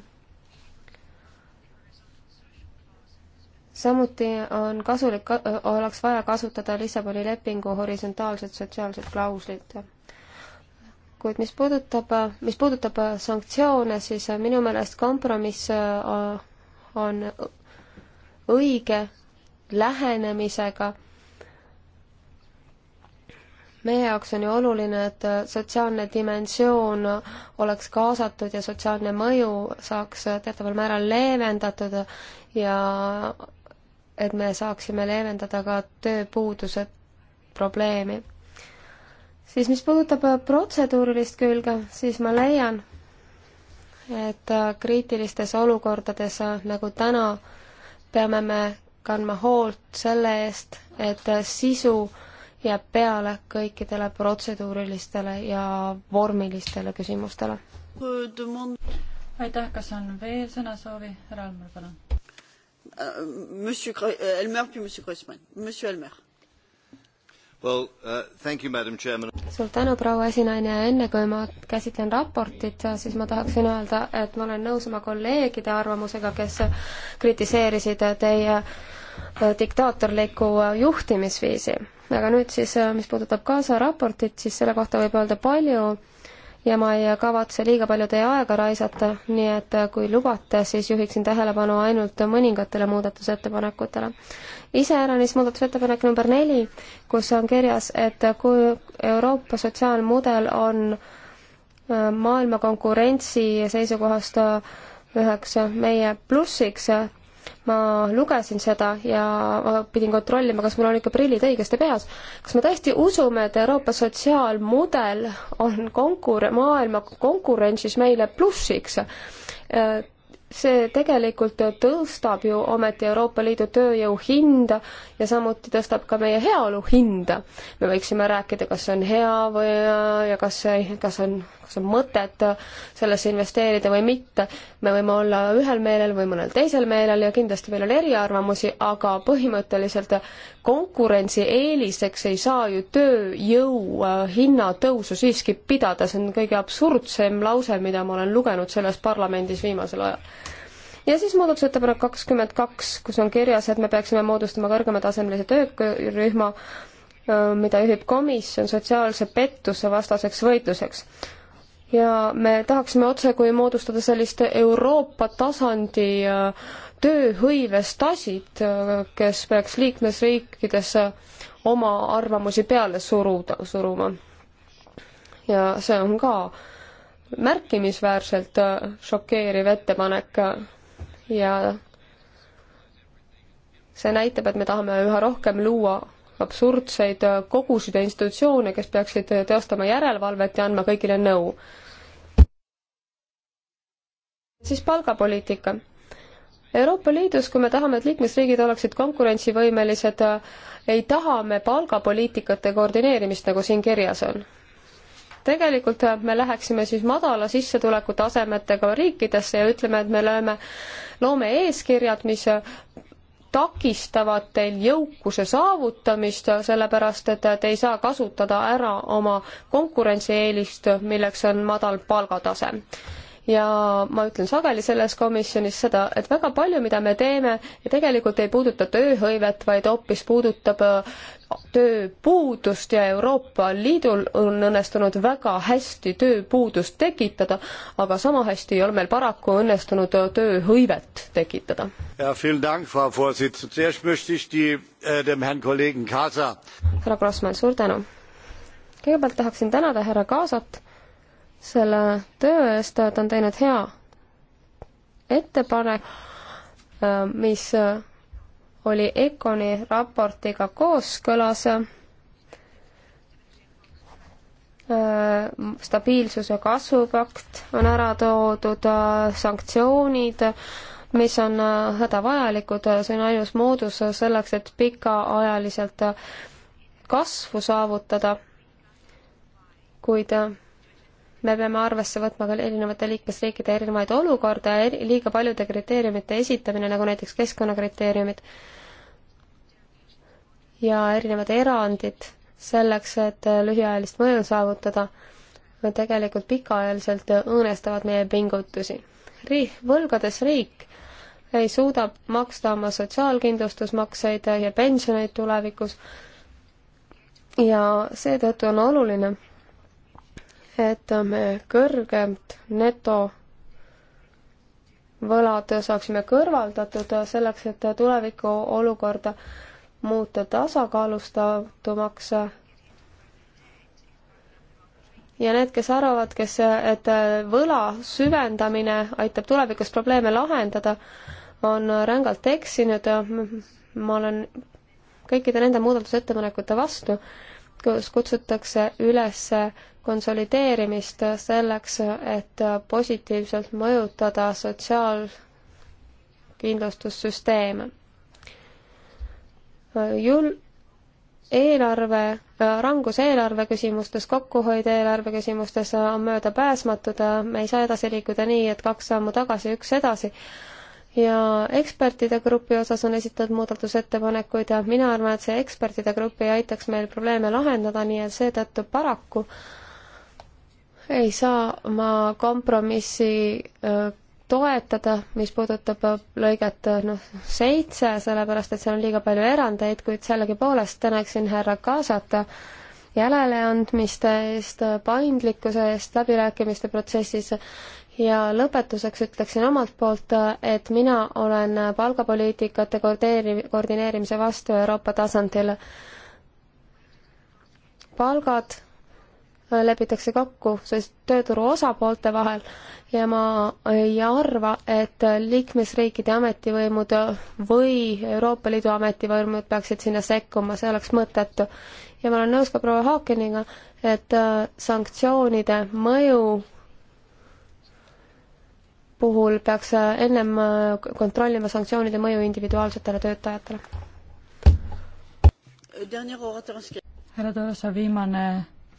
samuti on kasulik, oleks vaja kasutada Lissaboni lepingu horisontaalset sotsiaalset klauslit. kuid mis puudutab, mis puudutab sanktsioone, siis minu meelest kompromiss on õige lähenemisega. meie jaoks on ju oluline, et sotsiaalne dimensioon oleks kaasatud ja sotsiaalne mõju saaks teataval määral leevendatud ja et me saaksime leevendada ka tööpuuduse probleemi. siis mis puudutab protseduurilist külge, siis ma leian, et kriitilistes olukordades, nagu täna, peame me kandma hoolt selle eest, et sisu jääb peale kõikidele protseduurilistele ja vormilistele küsimustele. aitäh, kas on veel sõnasoovi? härra Almar, palun Euh, monsieur Helmer euh, puis Monsieur Grossman. Monsieur Helmer. Well, uh, madam president suur tänu proua esinaine ja enne kui ma käsitlen raportit siis ma tahaksin öelda et ma olen nõus oma kolleegide arvamusega kes kritiseerisid teie äh, diktaatorlikku äh, juhtimisviisi aga nüüd siis äh, mis puudutab kaasa raportit siis selle kohta võib öelda palju ja ma ei kavatse liiga palju teie aega raisata, nii et kui lubate, siis juhiksin tähelepanu ainult mõningatele muudatusettepanekutele. iseäranis muudatusettepanek number neli, kus on kirjas, et kui Euroopa sotsiaalmudel on äh, maailma konkurentsi seisukohast äh, üheks meie plussiks, ma lugesin seda ja ma pidin kontrollima, kas mul on ikka prillid õigesti peas. kas me tõesti usume, et Euroopa sotsiaalmudel on konkur-, maailma konkurentsis meile plussiks? Äh, see tegelikult tõstab ju ometi Euroopa Liidu tööjõu hinda ja samuti tõstab ka meie heaolu hinda. me võiksime rääkida, kas see on hea või, äh, ja kas see, kas on kas on mõtet sellesse investeerida või mitte. me võime olla ühel meelel või mõnel teisel meelel ja kindlasti meil on eriarvamusi, aga põhimõtteliselt konkurentsieeliseks ei saa ju tööjõu äh, hinnatõusu siiski pidada, see on kõige absurdsem lause, mida ma olen lugenud selles parlamendis viimasel ajal ja siis muudatusettepanek kakskümmend kaks, kus on kirjas, et me peaksime moodustama kõrgematasemelise töörühma, äh, mida juhib komisjon sotsiaalse pettuse vastaseks võitluseks ja me tahaksime otsekui moodustada sellist Euroopa tasandi äh, tööhõivestasid, äh, kes peaks liikmesriikides äh, oma arvamusi peale suruda, suruma. ja see on ka märkimisväärselt šokeeriv ettepanek ja see näitab, et me tahame üha rohkem luua absurdseid äh, kogusid ja institutsioone, kes peaksid äh, teostama järelevalvet ja andma kõigile nõu. siis palgapoliitika. Euroopa Liidus, kui me tahame, et liikmesriigid oleksid konkurentsivõimelised, äh, ei taha me palgapoliitikate koordineerimist, nagu siin kirjas on tegelikult me läheksime siis madala sissetulekutasemetega riikidesse ja ütleme, et me lööme, loome eeskirjad, mis takistavad teil jõukuse saavutamist, sellepärast et te ei saa kasutada ära oma konkurentsieelist, milleks on madal palgatase ja ma ütlen sageli selles komisjonis seda, et väga palju, mida me teeme, tegelikult ei puuduta tööhõivet, vaid hoopis puudutab äh, tööpuudust ja Euroopa Liidul on õnnestunud väga hästi tööpuudust tekitada, aga sama hästi ei ole meil paraku õnnestunud äh, tööhõivet tekitada. Äh, härra Grossmann, suur tänu! kõigepealt tahaksin tänada härra Kaasat selle töö eest, ta on teinud hea ettepanek, äh, mis oli ECONi raportiga kooskõlas äh, stabiilsuse kasvupakt on ära toodud, äh, sanktsioonid, mis on hädavajalikud, see on ainus moodus selleks, et pikaajaliselt kasvu saavutada, kuid me peame arvesse võtma ka erinevate liikmesriikide erinevaid olukorda ja liiga paljude kriteeriumite esitamine, nagu näiteks keskkonnakriteeriumid ja erinevad erandid selleks, et äh, lühiajalist mõju saavutada, tegelikult pikaajaliselt äh, õõnestavad meie pingutusi. Ri-, võlgades riik ei suuda maksta oma sotsiaalkindlustusmakseid ja pensioneid tulevikus ja seetõttu on oluline, et me kõrgemat neto võlad saaksime kõrvaldatud selleks, et tuleviku olukorda muuta tasakaalustatumaks. ja need, kes arvavad, kes, et võla süvendamine aitab tulevikus probleeme lahendada, on rängalt eksinud. ma olen kõikide nende muudatusettepanekute vastu kus kutsutakse üles konsolideerimist selleks, et positiivselt mõjutada sotsiaalkindlustussüsteeme. Jul-, eelarve, rangus eelarve küsimustes, kokkuhoid eelarve küsimustes on möödapääsmatud, me ei saa edasi liikuda nii, et kaks sammu tagasi, üks edasi ja ekspertide grupi osas on esitatud muudatusettepanekuid ja mina arvan, et see ekspertide grupp ei aitaks meil probleeme lahendada, nii et seetõttu paraku ei saa ma kompromissi toetada, mis puudutab lõiget noh, seitse, sellepärast et seal on liiga palju erandeid, kuid sellegipoolest tänaksin härra Kaasat järeleandmiste eest, paindlikkuse eest läbirääkimiste protsessis ja lõpetuseks ütleksin omalt poolt, et mina olen palgapoliitikate koordineeri-, koordineerimise vastu Euroopa tasandil. palgad äh, lepitakse kokku siis tööturu osapoolte vahel ja ma ei arva, et liikmesriikide ametivõimud või Euroopa Liidu ametivõimud peaksid sinna sekkuma, see oleks mõttetu. ja ma olen nõus ka proua Haakeniga, et äh, sanktsioonide mõju puhul peaks äh, ennem äh, kontrollima sanktsioonide mõju individuaalsetele töötajatele. härra Torosa, viimane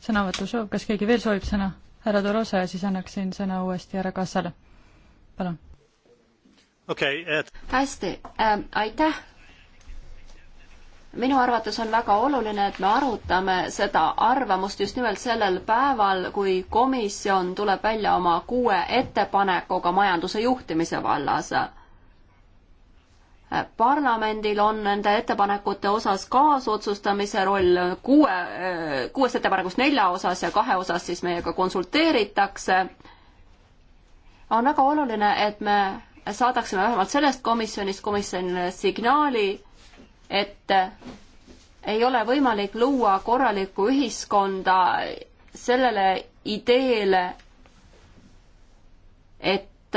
sõnavõtusoov, kas keegi veel soovib sõna? härra Torosa ja siis annaksin sõna uuesti härra Kassale. palun okay,. Et... hästi äh,, aitäh minu arvates on väga oluline, et me arutame seda arvamust just nimelt sellel päeval, kui komisjon tuleb välja oma kuue ettepanekuga majanduse juhtimise vallas. parlamendil on nende ettepanekute osas kaasotsustamise roll, kuue, kuuest ettepanekust nelja osas ja kahe osas siis meiega konsulteeritakse. on väga oluline, et me saadaksime vähemalt sellest komisjonist komisjonile signaali, et ei ole võimalik luua korralikku ühiskonda sellele ideele, et,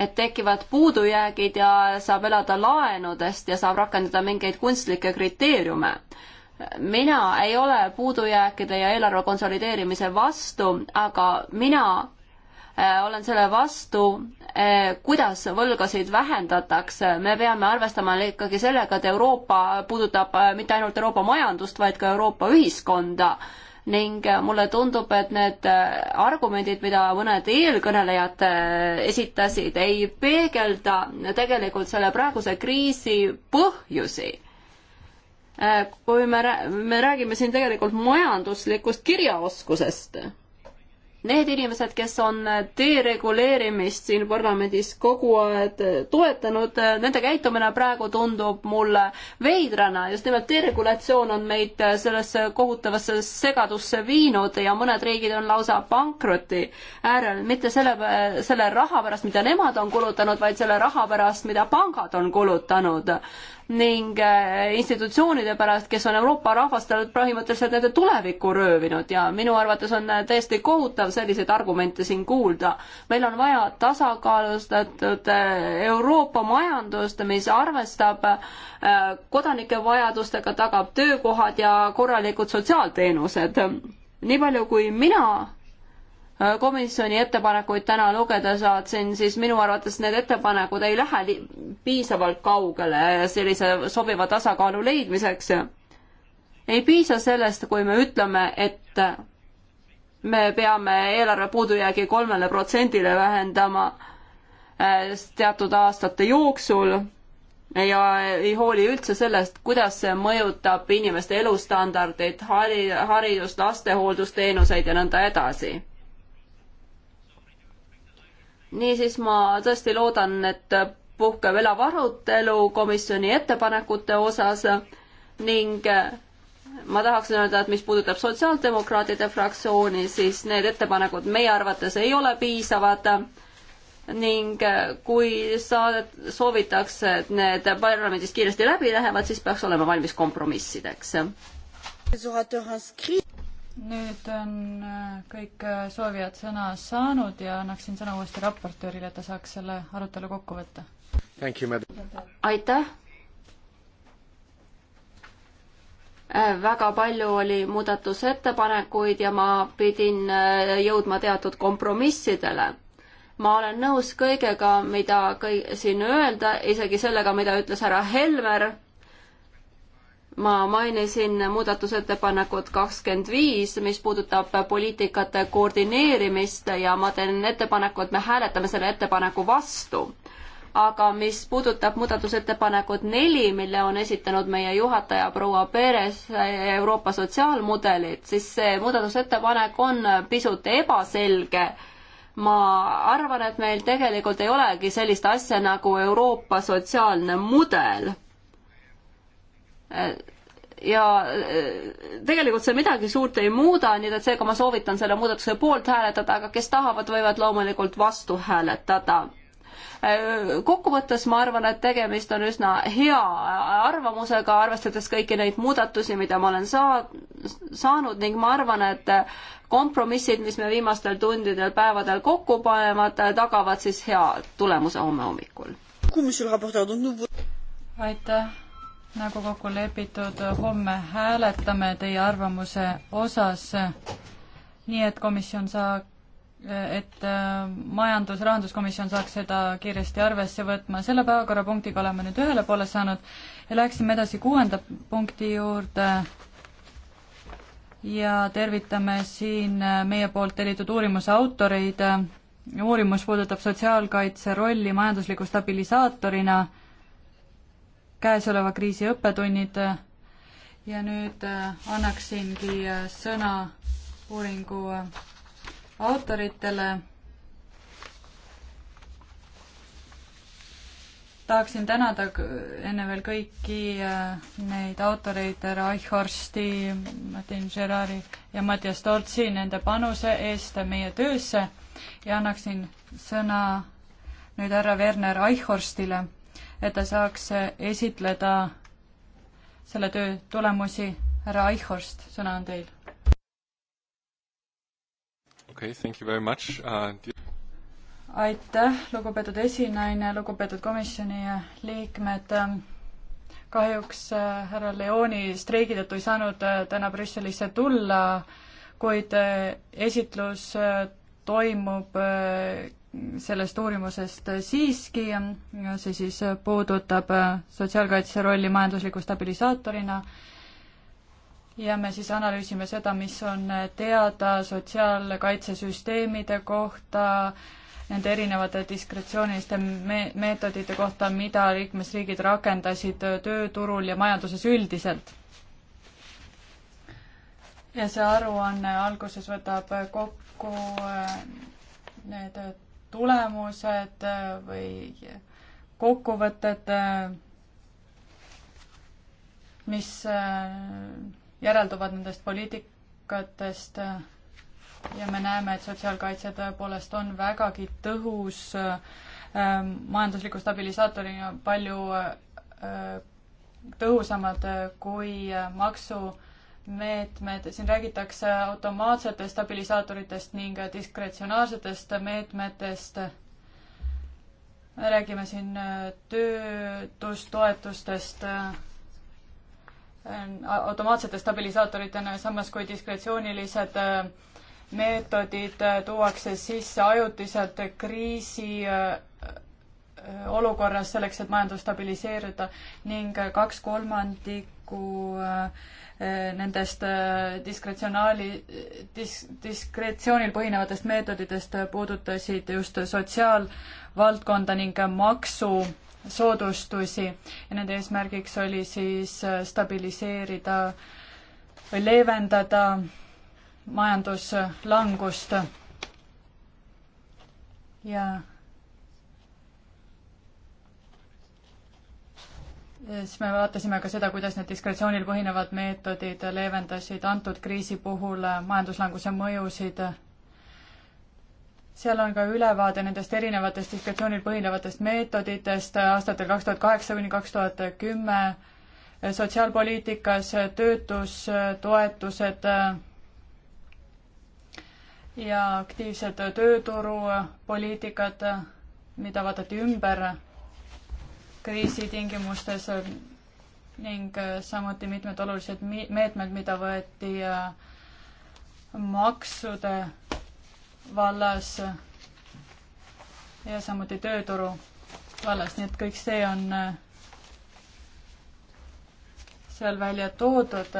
et tekivad puudujäägid ja saab elada laenudest ja saab rakendada mingeid kunstlikke kriteeriume. mina ei ole puudujääkide ja eelarve konsolideerimise vastu, aga mina Äh, olen selle vastu, äh, kuidas võlgasid vähendatakse, me peame arvestama ikkagi sellega, et Euroopa puudutab äh, mitte ainult Euroopa majandust, vaid ka Euroopa ühiskonda ning mulle tundub, et need argumendid, mida mõned eelkõnelejad esitasid, ei peegelda tegelikult selle praeguse kriisi põhjusi. kui me, me räägime siin tegelikult majanduslikust kirjaoskusest Need inimesed, kes on dereguleerimist siin parlamendis kogu aeg toetanud, nende käitumine praegu tundub mulle veidrana. just nimelt deregulatsioon on meid sellesse kohutavasse segadusse viinud ja mõned riigid on lausa pankroti äärel. mitte selle, selle raha pärast, mida nemad on kulutanud, vaid selle raha pärast, mida pangad on kulutanud ning äh, institutsioonide pärast, kes on Euroopa rahvastanud põhimõtteliselt nende tulevikku röövinud ja minu arvates on äh, täiesti kohutav selliseid argumente siin kuulda. meil on vaja tasakaalustatud äh, Euroopa majandust, mis arvestab kodanike vajadustega, tagab töökohad ja korralikud sotsiaalteenused. nii palju, kui mina komisjoni ettepanekuid täna lugeda saad, siin siis minu arvates need ettepanekud ei lähe piisavalt kaugele sellise sobiva tasakaalu leidmiseks. ei piisa sellest, kui me ütleme, et me peame eelarve puudujäägi kolmele protsendile vähendama eh, teatud aastate jooksul ja ei hooli üldse sellest, kuidas see mõjutab inimeste elustandardit, hari, haridust, lastehooldusteenuseid ja nõnda edasi niisiis ma tõesti loodan, et puhkeb elav arutelu komisjoni ettepanekute osas ning eh, ma tahaksin öelda, et mis puudutab Sotsiaaldemokraatide fraktsiooni, siis need ettepanekud meie arvates ei ole piisavad ning eh, kui saadet, soovitakse, et need parlamendis kiiresti läbi lähevad, siis peaks olema valmis kompromissideks nüüd on äh, kõik äh, soovijad sõna saanud ja annaksin sõna uuesti raportöörile, et ta saaks selle arutelu kokku võtta. aitäh! Äh, väga palju oli muudatusettepanekuid ja ma pidin jõudma teatud kompromissidele. ma olen nõus kõigega, mida kõi-, siin öelda, isegi sellega, mida ütles härra Helmer ma mainisin muudatusettepanekut kakskümmend viis, mis puudutab poliitikate koordineerimist ja ma teen ettepaneku, et me hääletame selle ettepaneku vastu. aga mis puudutab muudatusettepanekut neli, mille on esitanud meie juhataja proua Peres Euroopa sotsiaalmudelit, siis see muudatusettepanek on pisut ebaselge ma arvan, et meil tegelikult ei olegi sellist asja nagu Euroopa sotsiaalne mudel ja äh, tegelikult see midagi suurt ei muuda, nii et seega ma soovitan selle muudatuse poolt hääletada, aga kes tahavad, võivad loomulikult vastu hääletada. Äh, kokkuvõttes ma arvan, et tegemist on üsna hea arvamusega, arvestades kõiki neid muudatusi, mida ma olen saa-, saanud ning ma arvan, et kompromissid, mis me viimastel tundidel, päevadel kokku panevad, tagavad siis hea tulemuse homme hommikul. aitäh nagu kokku lepitud, homme hääletame teie arvamuse osas, nii et komisjon saa-, et äh, majandus-, rahanduskomisjon saaks seda kiiresti arvesse võtma. selle päevakorrapunktiga oleme nüüd ühele poole saanud ja läheksime edasi kuuenda punkti juurde ja tervitame siin äh, meie poolt tellitud uurimuse autoreid. uurimus puudutab sotsiaalkaitse rolli majandusliku stabilisaatorina käesoleva kriisi õppetunnid ja nüüd äh, annaksingi äh, sõna uuringu äh, autoritele. tahaksin tänada enne veel kõiki neid autoreid, Raich Horsti, Martin Gerari ja Mattias Tortsi nende panuse eest meie töösse ja annaksin sõna nüüd härra Werner Eichhorstile et ta saaks esitleda selle töö tulemusi. härra Eichhorst, sõna on teil. okei okay,, thank you very much uh,. aitäh, lugupeetud esinaine, lugupeetud komisjoni liikmed. kahjuks äh, härra Leoni streigi tõttu ei saanud äh, täna Brüsselisse tulla, kuid äh, esitlus toimub sellest uurimusest siiski, see siis puudutab sotsiaalkaitse rolli majandusliku stabilisaatorina ja me siis analüüsime seda, mis on teada sotsiaalkaitsesüsteemide kohta, nende erinevate diskretsiooniliste me-, meetodite kohta, mida liikmesriigid rakendasid tööturul ja majanduses üldiselt. ja see aruanne alguses võtab kokku äh, need tulemused äh, või kokkuvõtted, äh, mis äh, järelduvad nendest poliitikatest ja me näeme, et sotsiaalkaitse tõepoolest on vägagi tõhus majandusliku stabilisaatorina palju tõhusamad kui maksu- meetmed, siin räägitakse automaatsetest stabilisaatoritest ning diskretsionaarsetest meetmetest. räägime siin äh, töötustoetustest, äh, automaatsete stabilisaatoritena, samas kui diskretsioonilised äh, meetodid tuuakse sisse ajutiselt kriisi olukorras selleks, et majandust stabiliseerida ning kaks kolmandikku paraku nagu, äh, nendest äh, diskretsionaali, dis-, diskretsioonil põhinevatest meetoditest puudutasid just sotsiaalvaldkonda ning maksusoodustusi ja nende eesmärgiks oli siis äh, stabiliseerida või leevendada majanduslangust ja siis me vaatasime ka seda, kuidas need diskretsioonil põhinevad meetodid leevendasid antud kriisi puhul majanduslanguse mõjusid. seal on ka ülevaade nendest erinevatest diskretsioonil põhinevatest meetoditest aastatel kaks tuhat kaheksa kuni kaks tuhat kümme, sotsiaalpoliitikas töötustoetused ja aktiivsed tööturupoliitikad, mida vaadati ümber kriisi tingimustes ning äh, samuti mitmed olulised meetmed, mida võeti äh, maksude vallas ja samuti tööturu vallas, nii et kõik see on äh, seal välja toodud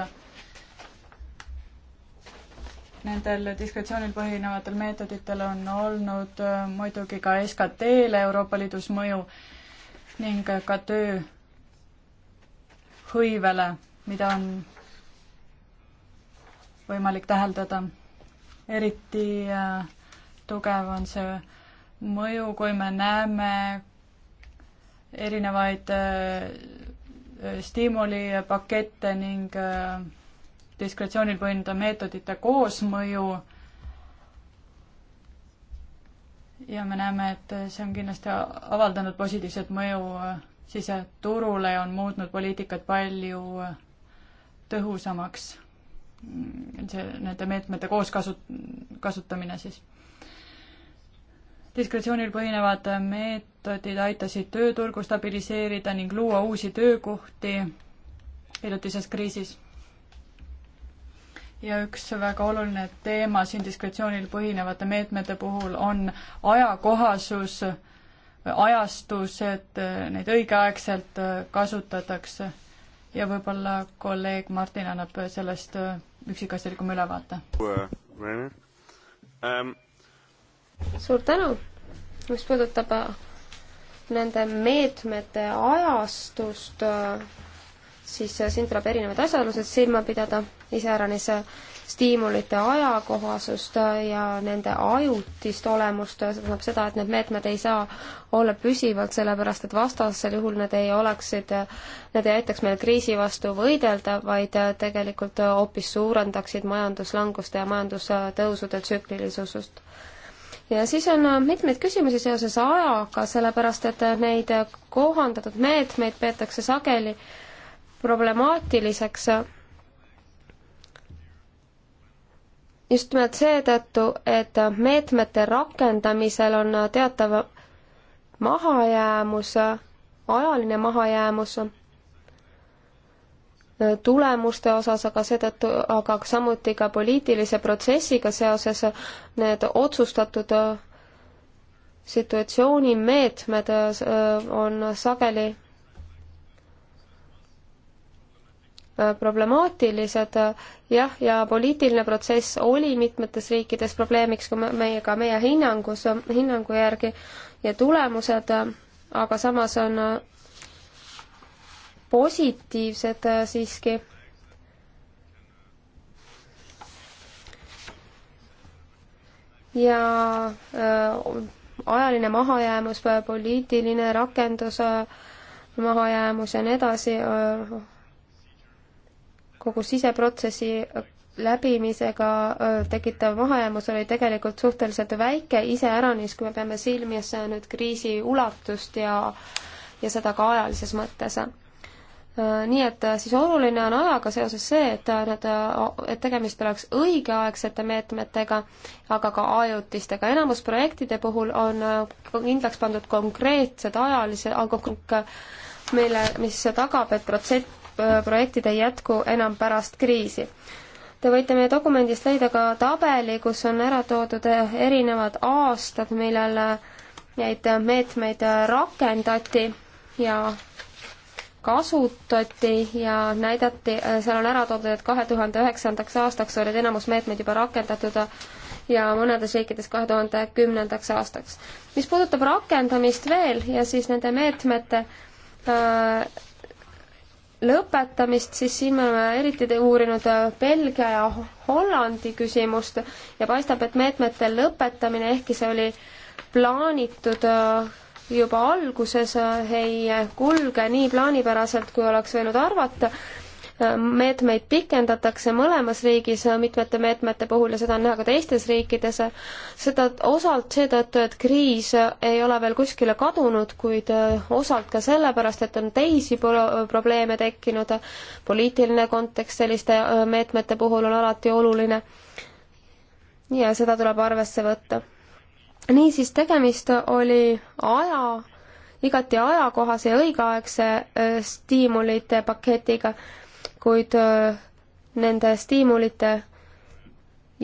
nendel diskretsioonil põhinevatel meetoditel on olnud muidugi ka SKT-le Euroopa Liidus mõju ning ka tööhõivele, mida on võimalik täheldada. eriti äh, tugev on see mõju, kui me näeme erinevaid äh, stiimulipakette ning äh, diskretsioonil põhinenud meetodite koosmõju ja me näeme, et see on kindlasti avaldanud positiivset mõju äh, siseturule ja on muutnud poliitikat palju äh, tõhusamaks. Mm, see, nende meetmete kooskasut-, kasutamine siis. diskretsioonil põhinevad meetodid aitasid tööturgu stabiliseerida ning luua uusi töökohti hiljutises kriisis ja üks väga oluline teema siin diskretsioonil põhinevate meetmete puhul on ajakohasus, ajastus, et äh, neid õigeaegselt äh, kasutatakse. ja võib-olla kolleeg Martin annab sellest äh, üksikasjalikuma ülevaate. suur tänu, mis puudutab nende meetmete ajastust, siis siin tuleb erinevad asjaolused silma pidada, iseäranis stiimulite ajakohasust ja nende ajutist olemust, see tähendab seda, et need meetmed ei saa olla püsivad, sellepärast et vastasel juhul need ei oleksid, need ei aitaks meil kriisi vastu võidelda, vaid tegelikult hoopis suurendaksid majanduslanguste ja majandustõusude tsüklilisust ja siis on mitmeid küsimusi seoses ajaga, sellepärast et neid kohandatud meetmeid peetakse sageli äh, problemaatiliseks just nimelt seetõttu, et meetmete rakendamisel on teatav mahajäämus, ajaline mahajäämus tulemuste osas, aga seetõttu, aga samuti ka poliitilise protsessiga seoses need otsustatud situatsiooni meetmed äh, on sageli problemaatilised. jah, ja poliitiline protsess oli mitmetes riikides probleemiks, kui meie, ka meie hinnangus, hinnangu järgi ja tulemused, aga samas on positiivsed äh, siiski. ja öö, äh, ajaline mahajäämus, poliitiline rakendus, äh, mahajäämus ja nii edasi kogu siseprotsessi läbimisega tekitav mahajäämus oli tegelikult suhteliselt väike, iseäranis, kui me peame silmis nüüd kriisi ulatust ja, ja seda ka ajalises mõttes. Nii et äh, siis oluline on ajaga seoses see, et äh, need, äh, et tegemist oleks õigeaegsete meetmetega, aga ka ajutistega. enamus projektide puhul on kindlaks pandud konkreetsed ajalised, aga mille, mis tagab, et protsent, Äh, projektid ei jätku enam pärast kriisi. Te võite meie dokumendist leida ka tabeli, kus on ära toodud äh, erinevad aastad, millal äh, neid meetmeid rakendati ja kasutati ja näidati, seal on ära toodud, et kahe tuhande üheksandaks aastaks olid enamus meetmeid juba rakendatud ja mõnedes riikides kahe tuhande kümnendaks aastaks. mis puudutab rakendamist veel ja siis nende meetmete äh, lõpetamist, siis siin me oleme eriti uurinud äh, Belgia ja Hollandi küsimust ja paistab, et meetmete lõpetamine, ehkki see oli plaanitud äh, juba alguses, äh, ei kulge nii plaanipäraselt, kui oleks võinud arvata meetmeid pikendatakse mõlemas riigis mitmete meetmete puhul ja seda on näha ka teistes riikides. seda osalt seetõttu, et kriis ei ole veel kuskile kadunud, kuid osalt ka sellepärast, et on teisi probleeme tekkinud. poliitiline kontekst selliste äh, meetmete puhul on alati oluline. ja seda tuleb arvesse võtta. niisiis, tegemist oli aja igati ajakohase ja õigeaegse äh, stiimulite paketiga kuid äh, nende stiimulite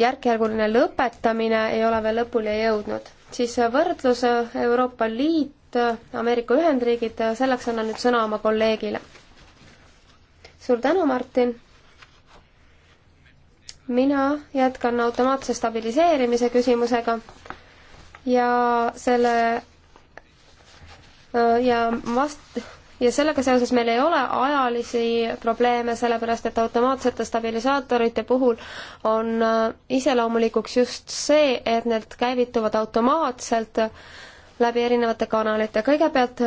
järkjärguline lõpetamine ei ole veel lõpule jõudnud. siis äh, võrdlus äh, Euroopa Liit, Ameerika Ühendriigid, selleks annan nüüd sõna oma kolleegile. suur tänu, Martin! mina jätkan automaatse stabiliseerimise küsimusega ja selle ja vast-, ja sellega seoses meil ei ole ajalisi probleeme, sellepärast et automaatsete stabilisaatorite puhul on äh, iseloomulikuks just see, et need käivituvad automaatselt läbi erinevate kanalite. kõigepealt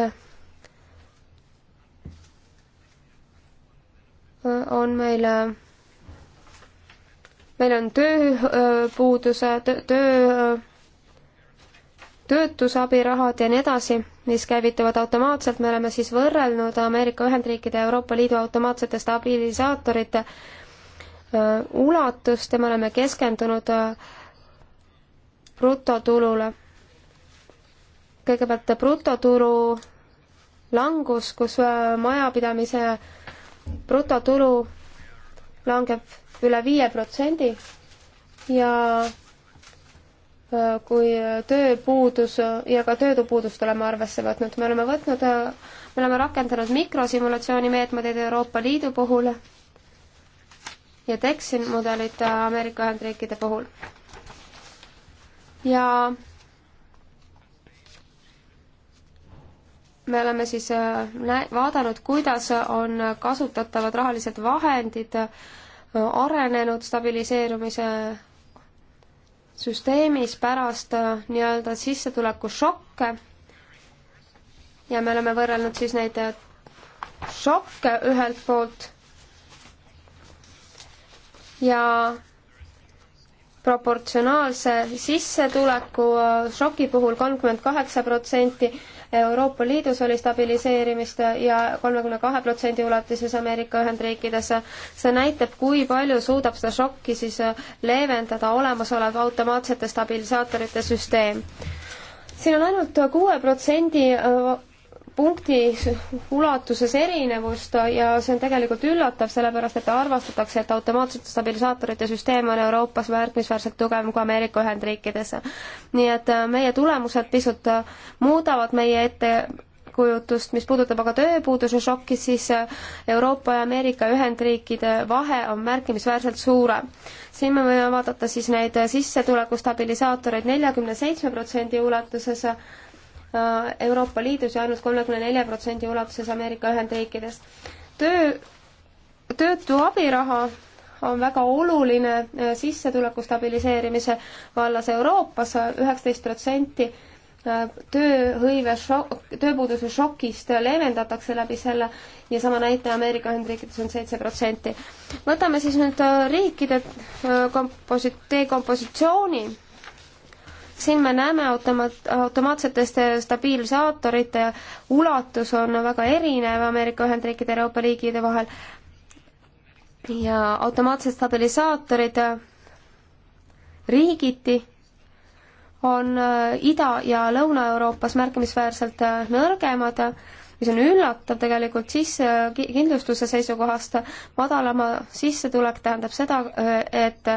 äh, on meil, äh, meil on tööpuuduse töö, töö, töötusabirahad ja nii edasi mis käivituvad automaatselt, me oleme siis võrrelnud Ameerika Ühendriikide ja Euroopa Liidu automaatsete stabilisaatorite ulatust ja me oleme keskendunud brutotulule. kõigepealt brutotulu langus, kus majapidamise brutotulu langeb üle viie protsendi ja kui tööpuudus ja ka töötupuudust oleme arvesse võtnud. me oleme võtnud, me oleme rakendanud mikrosimulatsiooni meetmeid Euroopa Liidu puhul ja Texin mudelit Ameerika Ühendriikide puhul. ja me oleme siis äh, vaadanud, kuidas on kasutatavad rahalised vahendid äh, arenenud stabiliseerumise süsteemis pärast äh, nii-öelda sissetulekušokke ja me oleme võrrelnud siis neid äh, šokke ühelt poolt ja proportsionaalse sissetuleku äh, šoki puhul kolmkümmend kaheksa protsenti Euroopa Liidus oli stabiliseerimist ja kolmekümne kahe protsendi ulatuses Ameerika Ühendriikides. see näitab, kui palju suudab seda šokki siis leevendada olemasolev automaatsete stabilisaatorite süsteem siin on ainult kuue protsendi punkti ulatuses erinevust ja see on tegelikult üllatav, sellepärast et arvestatakse, et automaatsete stabilisaatorite süsteem on Euroopas märkimisväärselt tugevam kui Ameerika Ühendriikides. nii et äh, meie tulemused pisut äh, muudavad meie ette ettekujutust, mis puudutab aga tööpuuduse šokki, siis äh, Euroopa ja Ameerika Ühendriikide vahe on märkimisväärselt suurem. siin me võime vaadata siis neid sissetuleku stabilisaatoreid neljakümne seitsme protsendi ulatuses Äh, Euroopa Liidus ja ainult kolmekümne nelja protsendi ulatuses Ameerika Ühendriikides. töö, töötu abiraha on väga oluline äh, sissetuleku stabiliseerimise vallas Euroopas, äh, üheksateist protsenti tööhõive šok-, tööpuuduse šokist leevendatakse läbi selle ja sama näitaja Ameerika Ühendriikides on seitse protsenti. võtame siis nüüd riikide komposi-, dekompositsiooni siin me näeme automaat-, automaatsete stabiilsaatorite ulatus on väga erinev Ameerika Ühendriikide ja Euroopa Liikide vahel ja automaatsed stabilisaatorid äh, riigiti on äh, Ida- ja Lõuna-Euroopas märkimisväärselt äh, nõrgemad, mis on üllatav tegelikult sisse, kindlustuse seisukohast, madalama sissetulek tähendab seda, et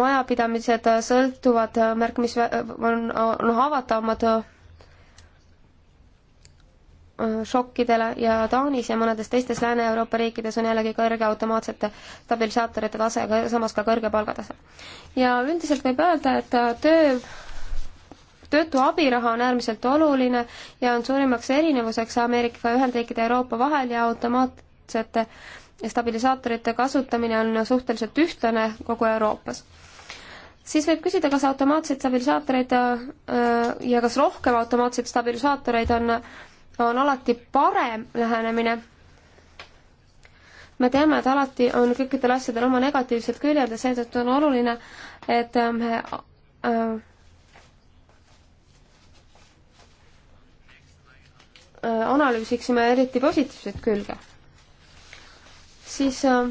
majapidamised äh, sõltuvad äh, märkimis-, äh, on, on haavatavamad šokkidele ja Taanis ja mõnedes teistes Lääne-Euroopa riikides on jällegi kõrge automaatsete stabilisaatorite tase, samas ka kõrge palgatase. ja üldiselt võib öelda, et töö, töötu abiraha on äärmiselt oluline ja on suurimaks erinevuseks Ameerika Ühendriikide ja Euroopa vahel ja automaatsete stabilisaatorite kasutamine on suhteliselt ühtlane kogu Euroopas siis võib küsida, kas automaatseid stabilisaatoreid äh, ja kas rohkem automaatseid stabilisaatoreid on, on alati parem lähenemine. me teame, et alati on kõikidel asjadel oma negatiivsed küljed ja seetõttu on oluline, et me ähm, äh, äh, analüüsiksime eriti positiivseid külge. siis äh,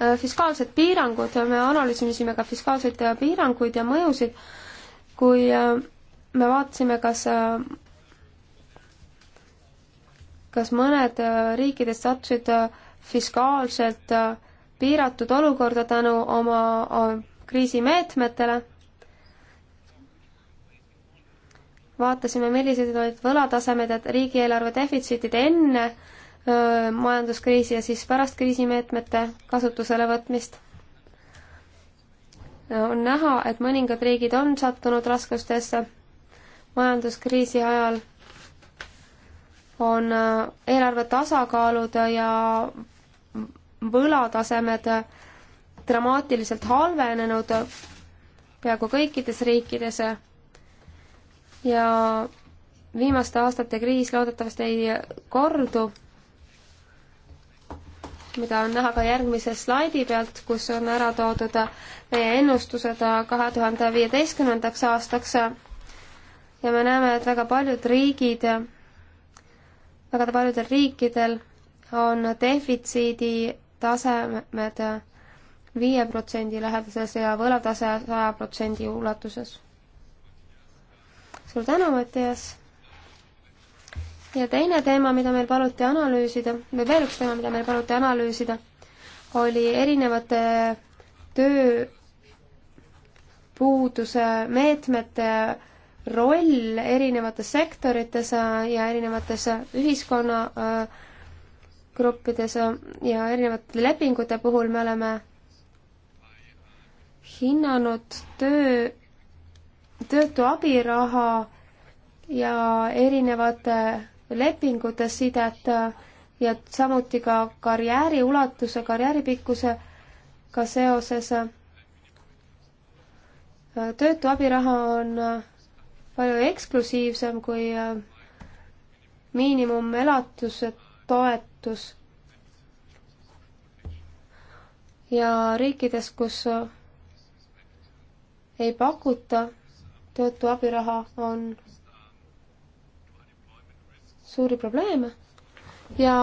Äh, fiskaalsed piirangud, me analüüsisime ka fiskaalseid äh, piiranguid ja mõjusid, kui äh, me vaatasime, kas kas mõned riikidest sattusid fiskaalselt piiratud olukorda tänu oma kriisimeetmetele. vaatasime, millised olid võlatasemed ja riigieelarve defitsiitid enne majanduskriisi ja siis pärast kriisimeetmete kasutusele võtmist. on näha, et mõningad riigid on sattunud raskustesse majanduskriisi ajal, on eelarve tasakaalud ja võlatasemed dramaatiliselt halvenenud peaaegu kõikides riikides ja viimaste aastate kriis loodetavasti ei kordu mida on näha ka järgmise slaidi pealt, kus on ära toodud meie ennustused kahe tuhande viieteistkümnendaks aastaks. ja me näeme, et väga paljud riigid, väga paljudel riikidel on defitsiidi tasemed viie protsendi läheduses ja võlatase saja protsendi ulatuses. suur tänu, Mattias! ja teine teema, mida meil paluti analüüsida, või veel üks teema, mida meil paluti analüüsida, oli erinevate tööpuuduse meetmete roll erinevates sektorites ja erinevates ühiskonnagruppides ja erinevate lepingute puhul me oleme hinnanud töö, töötu abiraha ja erinevate lepingute sidet äh, ja samuti ka karjääri ulatuse, karjääri pikkusega seoses. Äh, töötu abiraha on äh, palju eksklusiivsem kui miinimumelatuse toetus. ja riikides, kus ei pakuta töötu abiraha, on suuri probleeme ja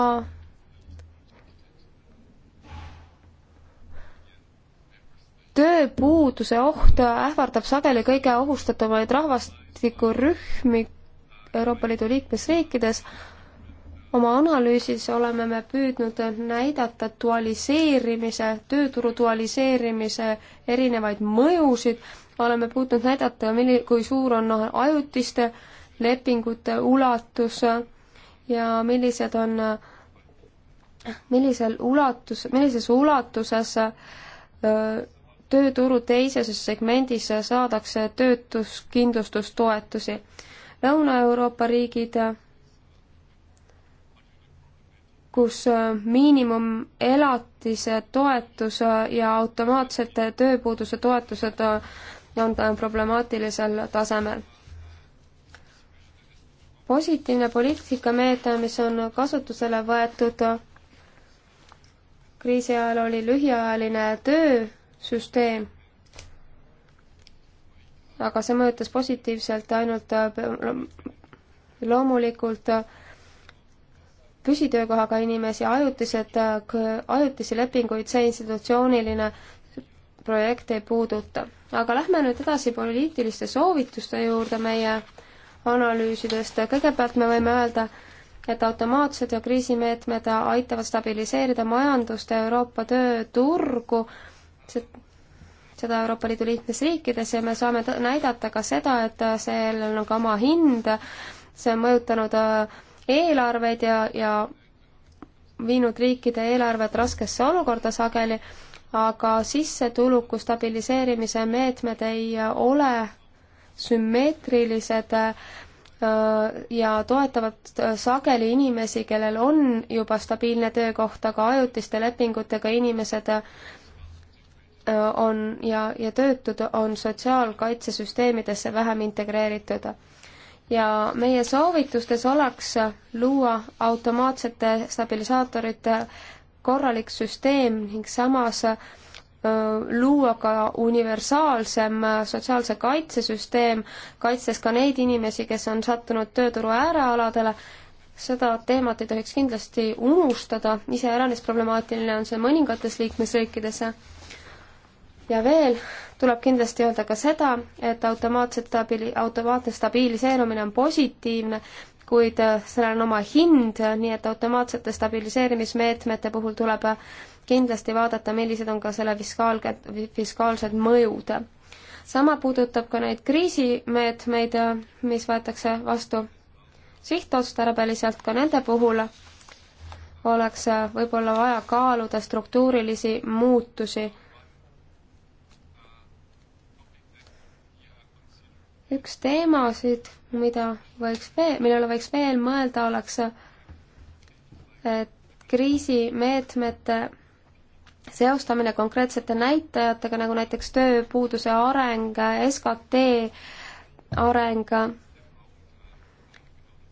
tööpuuduse oht ähvardab sageli kõige ohustatumaid rahvastikurühmi Euroopa Liidu liikmesriikides. oma analüüsis oleme me püüdnud näidata dualiseerimise, tööturu dualiseerimise erinevaid mõjusid, oleme püüdnud näidata, milli-, kui suur on ajutiste lepingute ulatus ja millised on, millisel ulatus, millises ulatuses tööturu teises segmendis saadakse töötuskindlustustoetusi. Lõuna-Euroopa riigid, kus miinimumelatise toetus ja automaatsete tööpuuduse toetused on problemaatilisel tasemel positiivne poliitikameede, mis on kasutusele võetud kriisi ajal, oli lühiajaline töösüsteem, aga see mõjutas positiivselt ainult loomulikult püsitöökohaga inimesi, ajutised, ajutisi lepinguid see institutsiooniline projekt ei puuduta. aga lähme nüüd edasi poliitiliste soovituste juurde meie analüüsidest. kõigepealt me võime öelda, et automaatsed ja kriisimeetmed aitavad stabiliseerida majandust ja Euroopa tööturgu, seda Euroopa Liidu liikmesriikides ja me saame näidata ka seda, et sellel on ka oma hind, see on mõjutanud äh, eelarveid ja, ja viinud riikide eelarved raskesse olukorda sageli, aga sissetuluku stabiliseerimise meetmed ei äh, ole sümmeetrilised äh, ja toetavad äh, sageli inimesi, kellel on juba stabiilne töökoht, aga ajutiste lepingutega inimesed äh, on ja, ja töötud on sotsiaalkaitsesüsteemidesse vähem integreeritud ja meie soovitustes oleks luua automaatsete stabilisaatorite korralik süsteem ning samas luua ka universaalsem äh, sotsiaalse kaitsesüsteem, kaitses ka neid inimesi, kes on sattunud tööturu äärealadele, seda teemat ei tohiks kindlasti unustada, iseäranis problemaatiline on see mõningates liikmesriikides. ja veel tuleb kindlasti öelda ka seda, et automaatset stabiili-, automaatne stabiliseerumine on positiivne, kuid äh, sellel on oma hind, nii et automaatsete stabiliseerimismeetmete puhul tuleb äh, kindlasti vaadata, millised on ka selle fiskaalked, fiskaalsed mõjud. sama puudutab ka neid kriisimeetmeid, mis võetakse vastu sihtotstarbeliselt, ka nende puhul oleks võib-olla vaja kaaluda struktuurilisi muutusi. üks teemasid, mida võiks veel, millele võiks veel mõelda, oleks et kriisimeetmete seostamine konkreetsete näitajatega, nagu näiteks tööpuuduse areng, SKT areng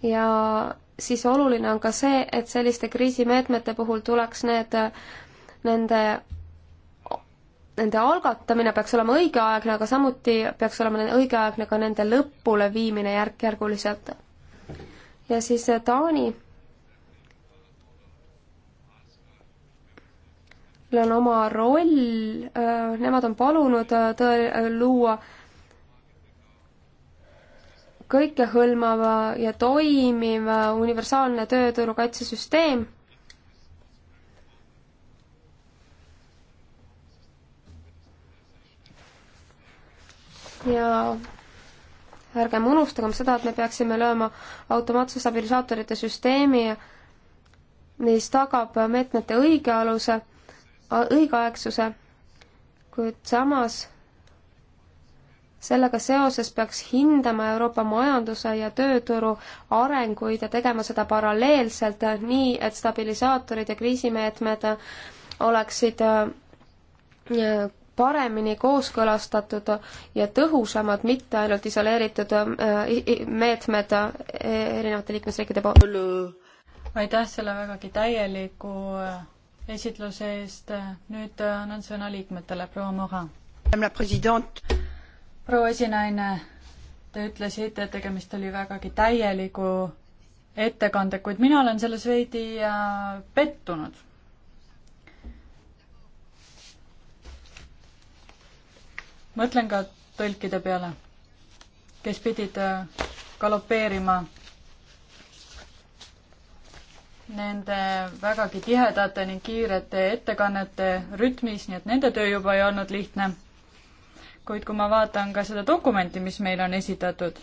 ja siis oluline on ka see, et selliste kriisimeetmete puhul tuleks need, nende, nende algatamine peaks olema õigeaegne, aga samuti peaks olema õigeaegne ka nende lõpule viimine järk-järguliselt. ja siis Taani liikmesriigil on oma roll, äh, nemad on palunud äh, tõe-, äh, luua kõikehõlmava ja toimiva universaalne tööturu kaitsesüsteem. ja ärgem unustagem seda, et me peaksime lööma automaatse stabilisaatorite süsteemi, mis tagab meetmete õige aluse õigeaegsuse, kuid samas sellega seoses peaks hindama Euroopa majanduse ja tööturu arenguid ja tegema seda paralleelselt, nii et stabilisaatorid ja kriisimeetmed oleksid äh, paremini kooskõlastatud ja tõhusamad, mitte ainult isoleeritud äh, meetmed äh, erinevate liikmesriikide poolt. aitäh selle vägagi täieliku esitluse eest. nüüd annan sõna liikmetele, proua Moha. proua esinaine, te ütlesite, et tegemist oli vägagi täieliku ettekande, kuid mina olen selles veidi äh, pettunud. mõtlen ka tõlkide peale, kes pidid äh, galopeerima nende vägagi tihedate ning kiirete ettekannete rütmis, nii et nende töö juba ei olnud lihtne. kuid kui ma vaatan ka seda dokumenti, mis meile on esitatud,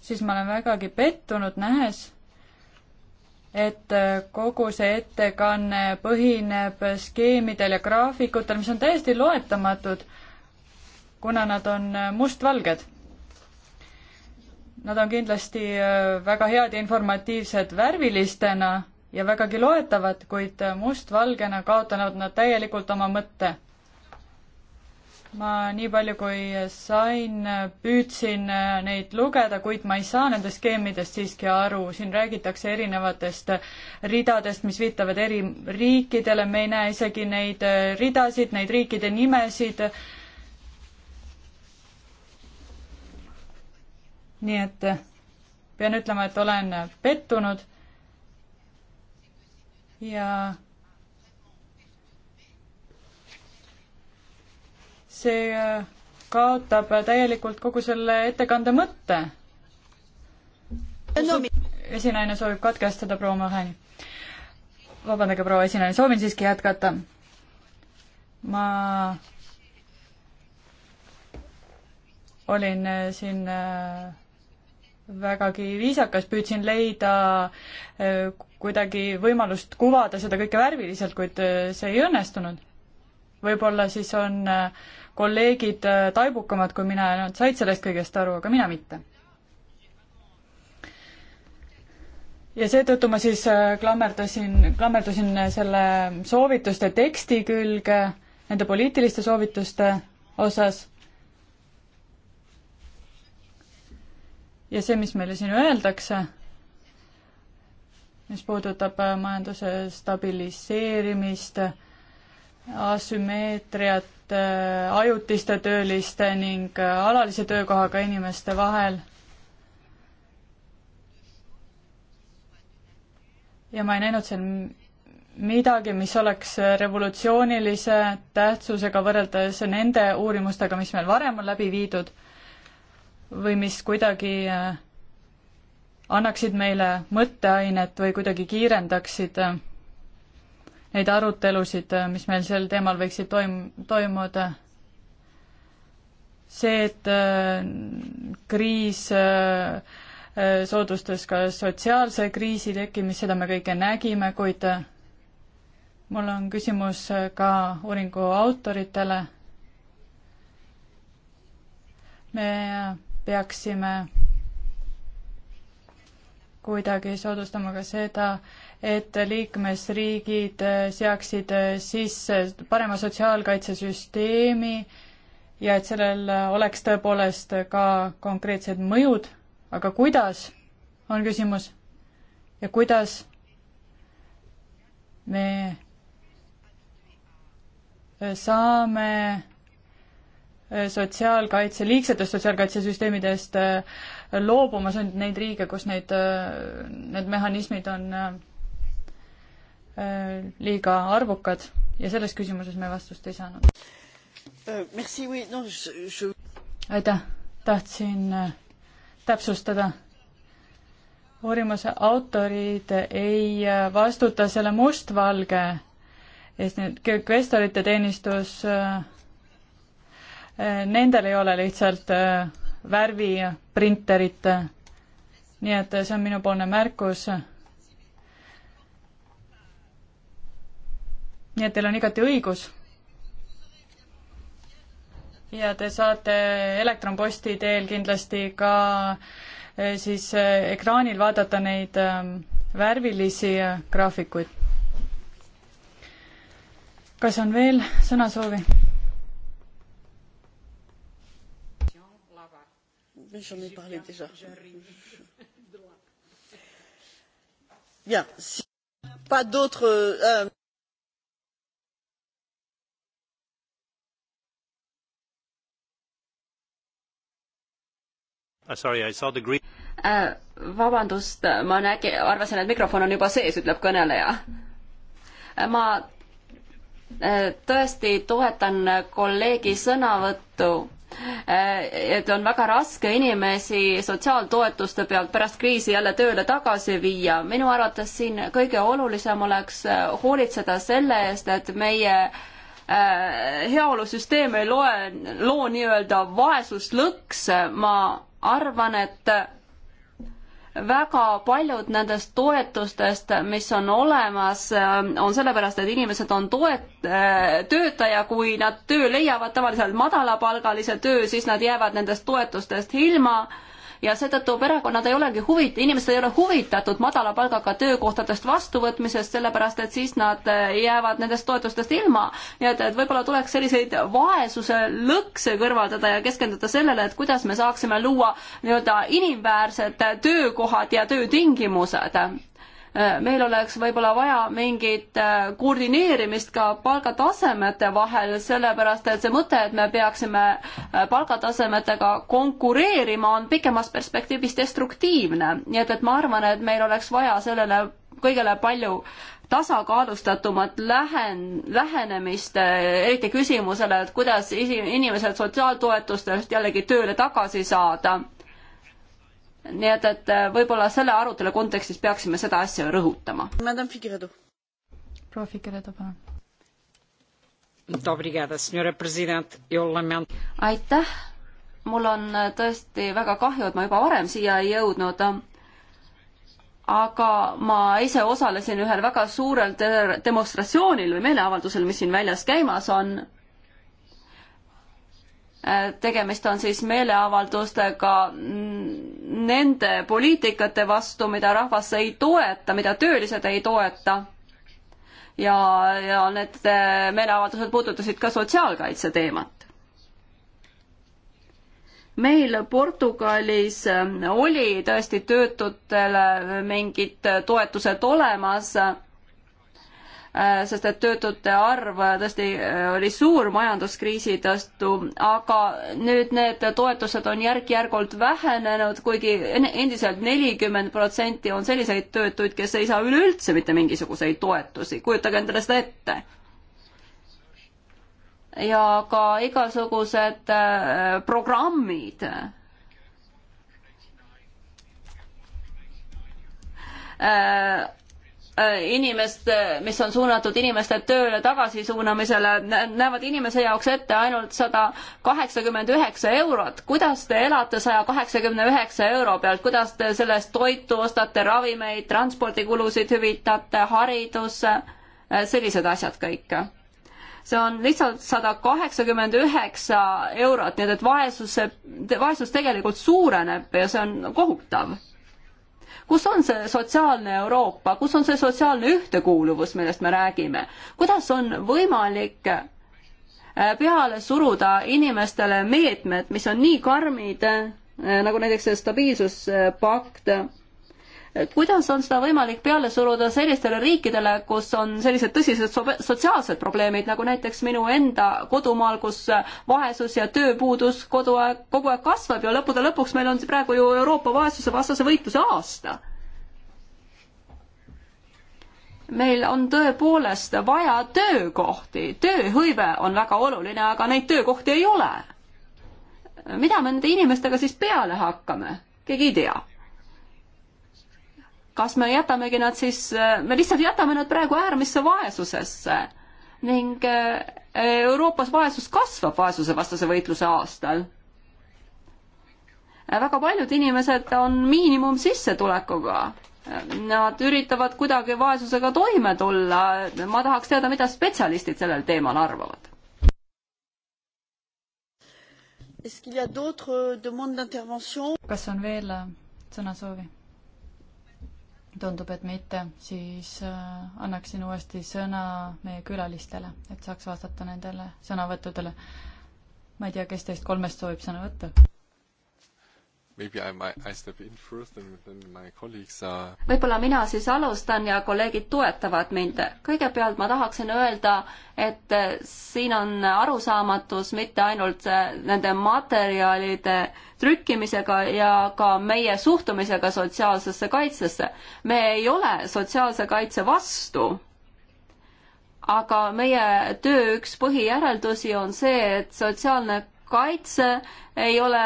siis ma olen vägagi pettunud, nähes, et kogu see ettekanne põhineb skeemidel ja graafikutel, mis on täiesti loetamatud, kuna nad on mustvalged Nad on kindlasti äh, väga head ja informatiivsed värvilistena ja vägagi loetavad, kuid äh, mustvalgena kaotanud nad täielikult oma mõtte. ma nii palju, kui sain, äh, püüdsin neid lugeda, kuid ma ei saa nendest skeemidest siiski aru, siin räägitakse erinevatest ridadest, mis viitavad eri riikidele, me ei näe isegi neid ridasid, neid riikide nimesid nii et eh, pean ütlema, et olen pettunud ja see eh, kaotab täielikult kogu selle ettekande mõtte. esinaine soovib katkestada proua Maheni. vabandage, proua esinaine, soovin siiski jätkata. ma olin eh, siin äh, vägagi viisakas, püüdsin leida äh, kuidagi võimalust kuvada seda kõike värviliselt, kuid äh, see ei õnnestunud. võib-olla siis on äh, kolleegid taibukamad kui mina ja nad said sellest kõigest aru, aga mina mitte. ja seetõttu ma siis klammerdasin, klammerdusin selle soovituste teksti külge, nende poliitiliste soovituste osas ja see, mis meile siin öeldakse, mis puudutab äh, majanduse stabiliseerimist, asümmeetriat äh, ajutiste tööliste ning äh, alalise töökohaga inimeste vahel. ja ma ei näinud seal midagi, mis oleks revolutsioonilise tähtsusega võrreldes nende uurimustega, mis meil varem on läbi viidud või mis kuidagi äh, annaksid meile mõtteainet või kuidagi kiirendaksid äh, neid arutelusid, äh, mis meil sel teemal võiksid toim-, toimuda. see, et kriis soodustas ka sotsiaalse kriisi tekkimist, seda me kõike nägime, kuid mul on küsimus ka uuringu autoritele. me peaksime kuidagi soodustama ka seda, et liikmesriigid seaksid sisse parema sotsiaalkaitsesüsteemi ja et sellel oleks tõepoolest ka konkreetsed mõjud, aga kuidas, on küsimus. ja kuidas me saame sotsiaalkaitse, liigsetest sotsiaalkaitsesüsteemidest äh, loobumas, on neid riike, kus neid, äh, need mehhanismid on äh, liiga arvukad ja selles küsimuses me vastust ei saanud. aitäh, tahtsin täpsustada. uurimuse autorid ei vastuta selle mustvalge eest, nüüd kvestorite teenistus äh, nendel ei ole lihtsalt äh, värviprinterit. nii et see on minupoolne märkus. nii et teil on igati õigus. ja te saate elektronposti teel kindlasti ka äh, siis äh, ekraanil vaadata neid ähm, värvilisi graafikuid. kas on veel sõnasoovi? mais j'en ai parlé déjà. Bien, si pas d'autres. Euh, euh ah, Sorry, I saw the green. Äh, vabandust, ma nägin, arvasin, et mikrofon on juba sees, ütleb kõneleja. Äh, ma äh, tõesti toetan kolleegi sõnavõttu et on väga raske inimesi sotsiaaltoetuste pealt pärast kriisi jälle tööle tagasi viia. minu arvates siin kõige olulisem oleks äh, hoolitseda selle eest, et meie äh, heaolusüsteem ei loe, loo nii-öelda vaesuslõks. ma arvan, et väga paljud nendest toetustest, mis on olemas, äh, on sellepärast, et inimesed on toet-, äh, töötaja, kui nad töö leiavad, tavaliselt madalapalgalise töö, siis nad jäävad nendest toetustest ilma ja seetõttu perekonnad ei olegi huvit-, inimesed ei ole huvitatud madala palgaga töökohtadest vastuvõtmisest, sellepärast et siis nad eh, jäävad nendest toetustest ilma. nii et, et võib-olla tuleks selliseid vaesuse lõkse kõrvaldada ja keskenduda sellele, et kuidas me saaksime luua nii-öelda inimväärsed töökohad ja töötingimused Äh, meil oleks võib-olla vaja mingit äh, koordineerimist ka palgatasemete vahel, sellepärast et see mõte, et me peaksime äh, palgatasemetega konkureerima, on pikemas perspektiivis destruktiivne. nii et, et ma arvan, et meil oleks vaja sellele kõigele palju tasakaalustatumat lähen-, lähenemist, eriti küsimusele, et kuidas inimesed sotsiaaltoetustest jällegi tööle tagasi saada nii et, et äh, võib-olla selle arutelu kontekstis peaksime seda asja rõhutama. proua Figueredo, palun. aitäh, mul on äh, tõesti väga kahju, et ma juba varem siia ei jõudnud, aga ma ise osalesin ühel väga suurel demonstratsioonil või meeleavaldusel, mis siin väljas käimas on Äh, tegemist on siis meeleavaldustega nende poliitikate vastu, mida rahvas ei toeta, mida töölised ei toeta. ja, ja need äh, meeleavaldused puudutasid ka sotsiaalkaitse teemat. meil Portugalis äh, oli tõesti töötutele mingid toetused olemas Äh, sest et töötute arv äh, tõesti äh, oli suur majanduskriisi tõttu, aga nüüd need toetused on järk-järgult vähenenud kuigi, kuigi endiselt nelikümmend protsenti on selliseid töötuid, kes ei saa üleüldse mitte mingisuguseid toetusi, kujutage endale seda ette ja ka igasugused programmid, Äh, inimeste, mis on suunatud inimeste tööle tagasisuunamisele, näevad inimese jaoks ette ainult sada kaheksakümmend üheksa eurot. kuidas te elate saja kaheksakümne üheksa euro pealt, kuidas te selle eest toitu ostate, ravimeid, transpordikulusid hüvitate, haridus, äh, sellised asjad kõik? see on lihtsalt sada kaheksakümmend üheksa eurot, nii et vaesuse, vaesus tegelikult suureneb ja see on kohutav kus on see sotsiaalne Euroopa, kus on see sotsiaalne ühtekuuluvus, millest me räägime? kuidas on võimalik äh, peale suruda inimestele meetmed, mis on nii karmid, äh, nagu näiteks see stabiilsuspakt, kuidas on seda võimalik peale suruda sellistele riikidele, kus on sellised tõsised so sotsiaalsed probleemid, nagu näiteks minu enda kodumaal, kus vaesus ja tööpuudus kodu aeg, kogu aeg kasvab ja lõppude lõpuks meil on praegu ju Euroopa vaesusevastase võitluse aasta meil on tõepoolest vaja töökohti, tööhõive on väga oluline, aga neid töökohti ei ole. mida me nende inimestega siis peale hakkame, keegi ei tea kas me jätamegi nad siis, me lihtsalt jätame nad praegu äärmisse vaesusesse ning eh, Euroopas vaesus kasvab vaesusevastase võitluse aastal. Eh, väga paljud inimesed on miinimumsissetulekuga. Eh, nad üritavad kuidagi vaesusega toime tulla. ma tahaks teada, mida spetsialistid sellel teemal arvavad. kas on veel sõnasoovi? tundub, et mitte, siis äh, annaksin uuesti sõna meie külalistele, et saaks vastata nendele sõnavõttudele. ma ei tea, kes teist kolmest soovib sõna võtta? võib-olla mina siis alustan ja kolleegid toetavad mind. kõigepealt ma tahaksin öelda, et siin on arusaamatus mitte ainult nende materjalide trükkimisega ja ka meie suhtumisega sotsiaalsesse kaitsesse. me ei ole sotsiaalse kaitse vastu, aga meie töö üks põhijäreldusi on see, et sotsiaalne kaitse ei ole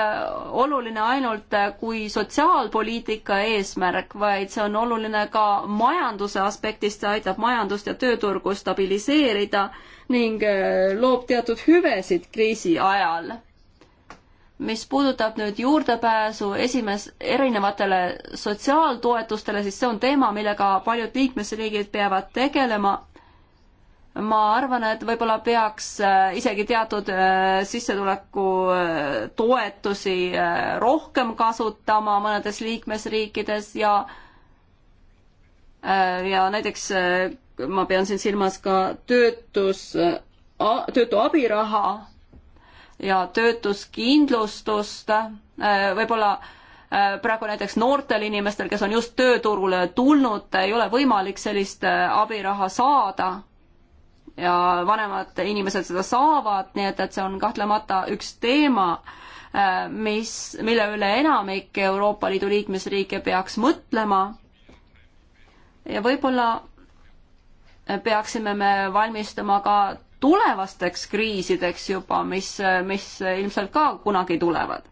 oluline ainult kui sotsiaalpoliitika eesmärk, vaid see on oluline ka majanduse aspektist, see aitab majandust ja tööturgu stabiliseerida ning äh, loob teatud hüvesid kriisi ajal mis puudutab nüüd juurdepääsu esimes-, erinevatele sotsiaaltoetustele, siis see on teema, millega paljud liikmesriigid peavad tegelema ma arvan, et võib-olla peaks äh, isegi teatud äh, sissetuleku äh, toetusi rohkem kasutama mõnedes liikmesriikides ja ja näiteks ma pean siin silmas ka töötus, töötu abiraha ja töötuskindlustust, võib-olla praegu näiteks noortel inimestel, kes on just tööturule tulnud, ei ole võimalik sellist abiraha saada ja vanemad inimesed seda saavad, nii et, et see on kahtlemata üks teema, äh, mis, mille üle enamik Euroopa Liidu liikmesriike peaks mõtlema. ja võib-olla peaksime me valmistuma ka tulevasteks kriisideks juba, mis, mis ilmselt ka kunagi tulevad.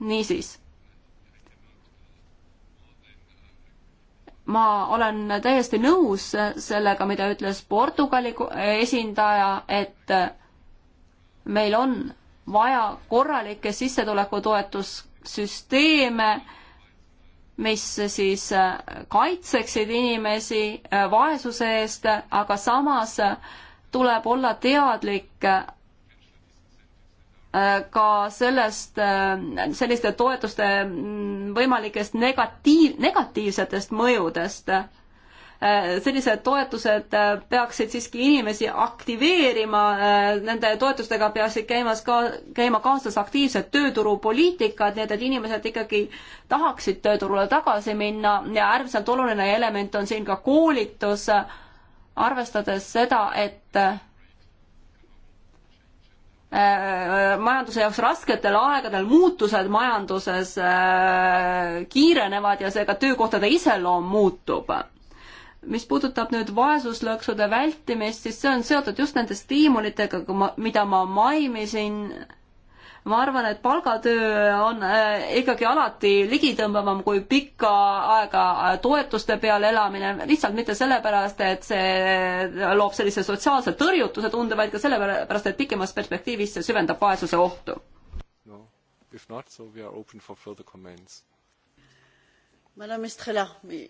niisiis ma olen täiesti nõus sellega, mida ütles Portugali esindaja, et meil on vaja korralikke sissetulekutoetussüsteeme, mis siis kaitseksid inimesi eh, vaesuse eest, aga samas tuleb olla teadlik Äh, ka sellest, äh, selliste toetuste mm, võimalikest negatiiv, negatiivsetest mõjudest. Äh, sellised toetused peaksid siiski inimesi aktiveerima, nende toetustega peaksid käimas ka, käima kaasas aktiivsed tööturupoliitikad, nii et, et inimesed ikkagi tahaksid tööturule tagasi minna ja äärmiselt oluline element on siin ka koolitus, arvestades seda, et Äh, äh, majanduse jaoks rasketel aegadel muutused majanduses äh, kiirenevad ja seega töökohtade iseloom muutub. mis puudutab nüüd vaesuslõksude vältimist, siis see on seotud just nende stiimulitega, mida ma mainisin ma ma arvan, et palgatöö on äh, ikkagi alati ligitõmbavam kui pikka aega toetuste peal elamine, lihtsalt mitte sellepärast, et see loob sellise sotsiaalse tõrjutuse tunde, vaid ka sellepärast, et pikemas perspektiivis see süvendab vaesuse ohtu no.. If not, so we are open for further comments. Madame Estrela, me...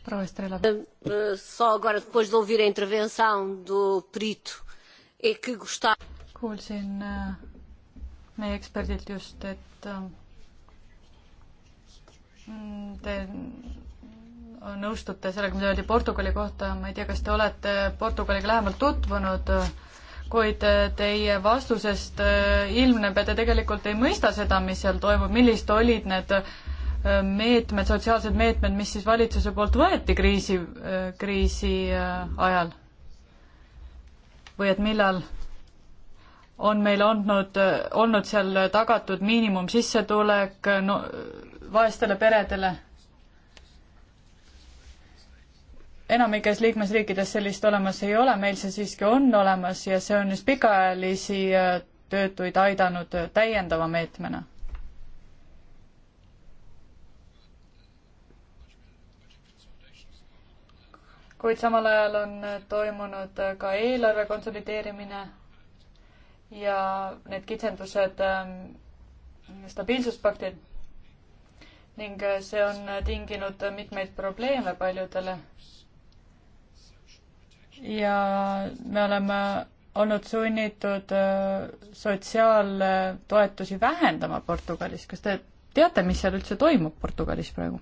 Proua Estrela. Eh, eh, só agora, depois de ouvir a intervenção do perito, é que gostava kuulsin äh, meie eksperdilt just, et äh, te nõustute sellega, mida öeldi Portugali kohta, ma ei tea, kas te olete Portugaliga lähemalt tutvunud, kuid äh, teie vastusest ilmneb, et te tegelikult ei mõista seda, mis seal toimub, millised olid need meetmed, sotsiaalsed meetmed, mis siis valitsuse poolt võeti kriisi, kriisi ajal? või et millal on meil andnud, olnud seal tagatud miinimumsissetulek no, vaestele peredele. enamikes liikmesriikides sellist olemas ei ole, meil see siiski on olemas ja see on just pikaajalisi äh, töötuid aidanud täiendava meetmena. kuid samal ajal on toimunud ka eelarve konsolideerimine ja need kitsendused ähm, stabiilsuspaktil ning äh, see on äh, tinginud äh, mitmeid probleeme paljudele. ja me oleme olnud sunnitud sotsiaaltoetusi vähendama Portugalis. kas te teate, mis seal üldse toimub Portugalis praegu?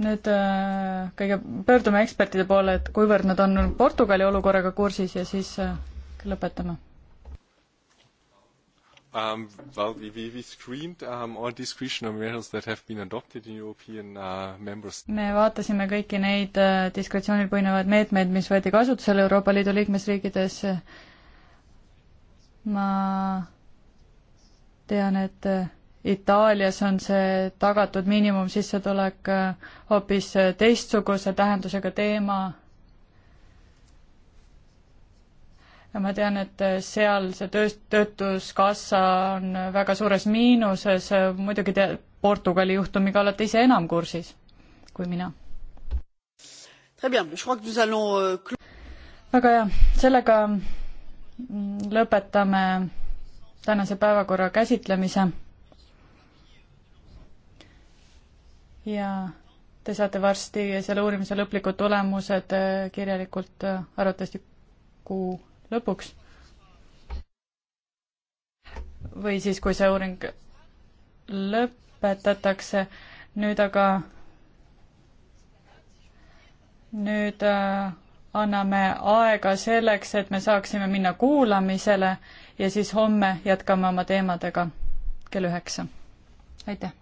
nüüd äh, kõige, pöördume ekspertide poole, et kuivõrd nad on Portugali olukorraga kursis ja siis äh, lõpetame Um, well, we, we screened um, all discretionary measures that have been adopted in European uh, members. me vaatasime kõiki neid uh, äh, diskretsioonil põhinevaid meetmeid, mis võeti kasutusele Euroopa Liidu liikmesriikides. ma tean, et uh, Itaalias on see tagatud miinimumsissetulek äh, hoopis äh, teistsuguse tähendusega teema. ja ma tean, et äh, seal see tööst-, töötuskassa on väga suures miinuses, muidugi te Portugali juhtumiga olete ise enam kursis kui mina. Euh, väga hea, sellega mm, lõpetame tänase päevakorra käsitlemise ja te saate varsti selle uurimise lõplikud tulemused äh, kirjalikult äh, arvatavasti kuu lõpuks. või siis, kui see uuring lõpetatakse, nüüd aga, nüüd äh, anname aega selleks, et me saaksime minna kuulamisele ja siis homme jätkame oma teemadega kell üheksa. aitäh!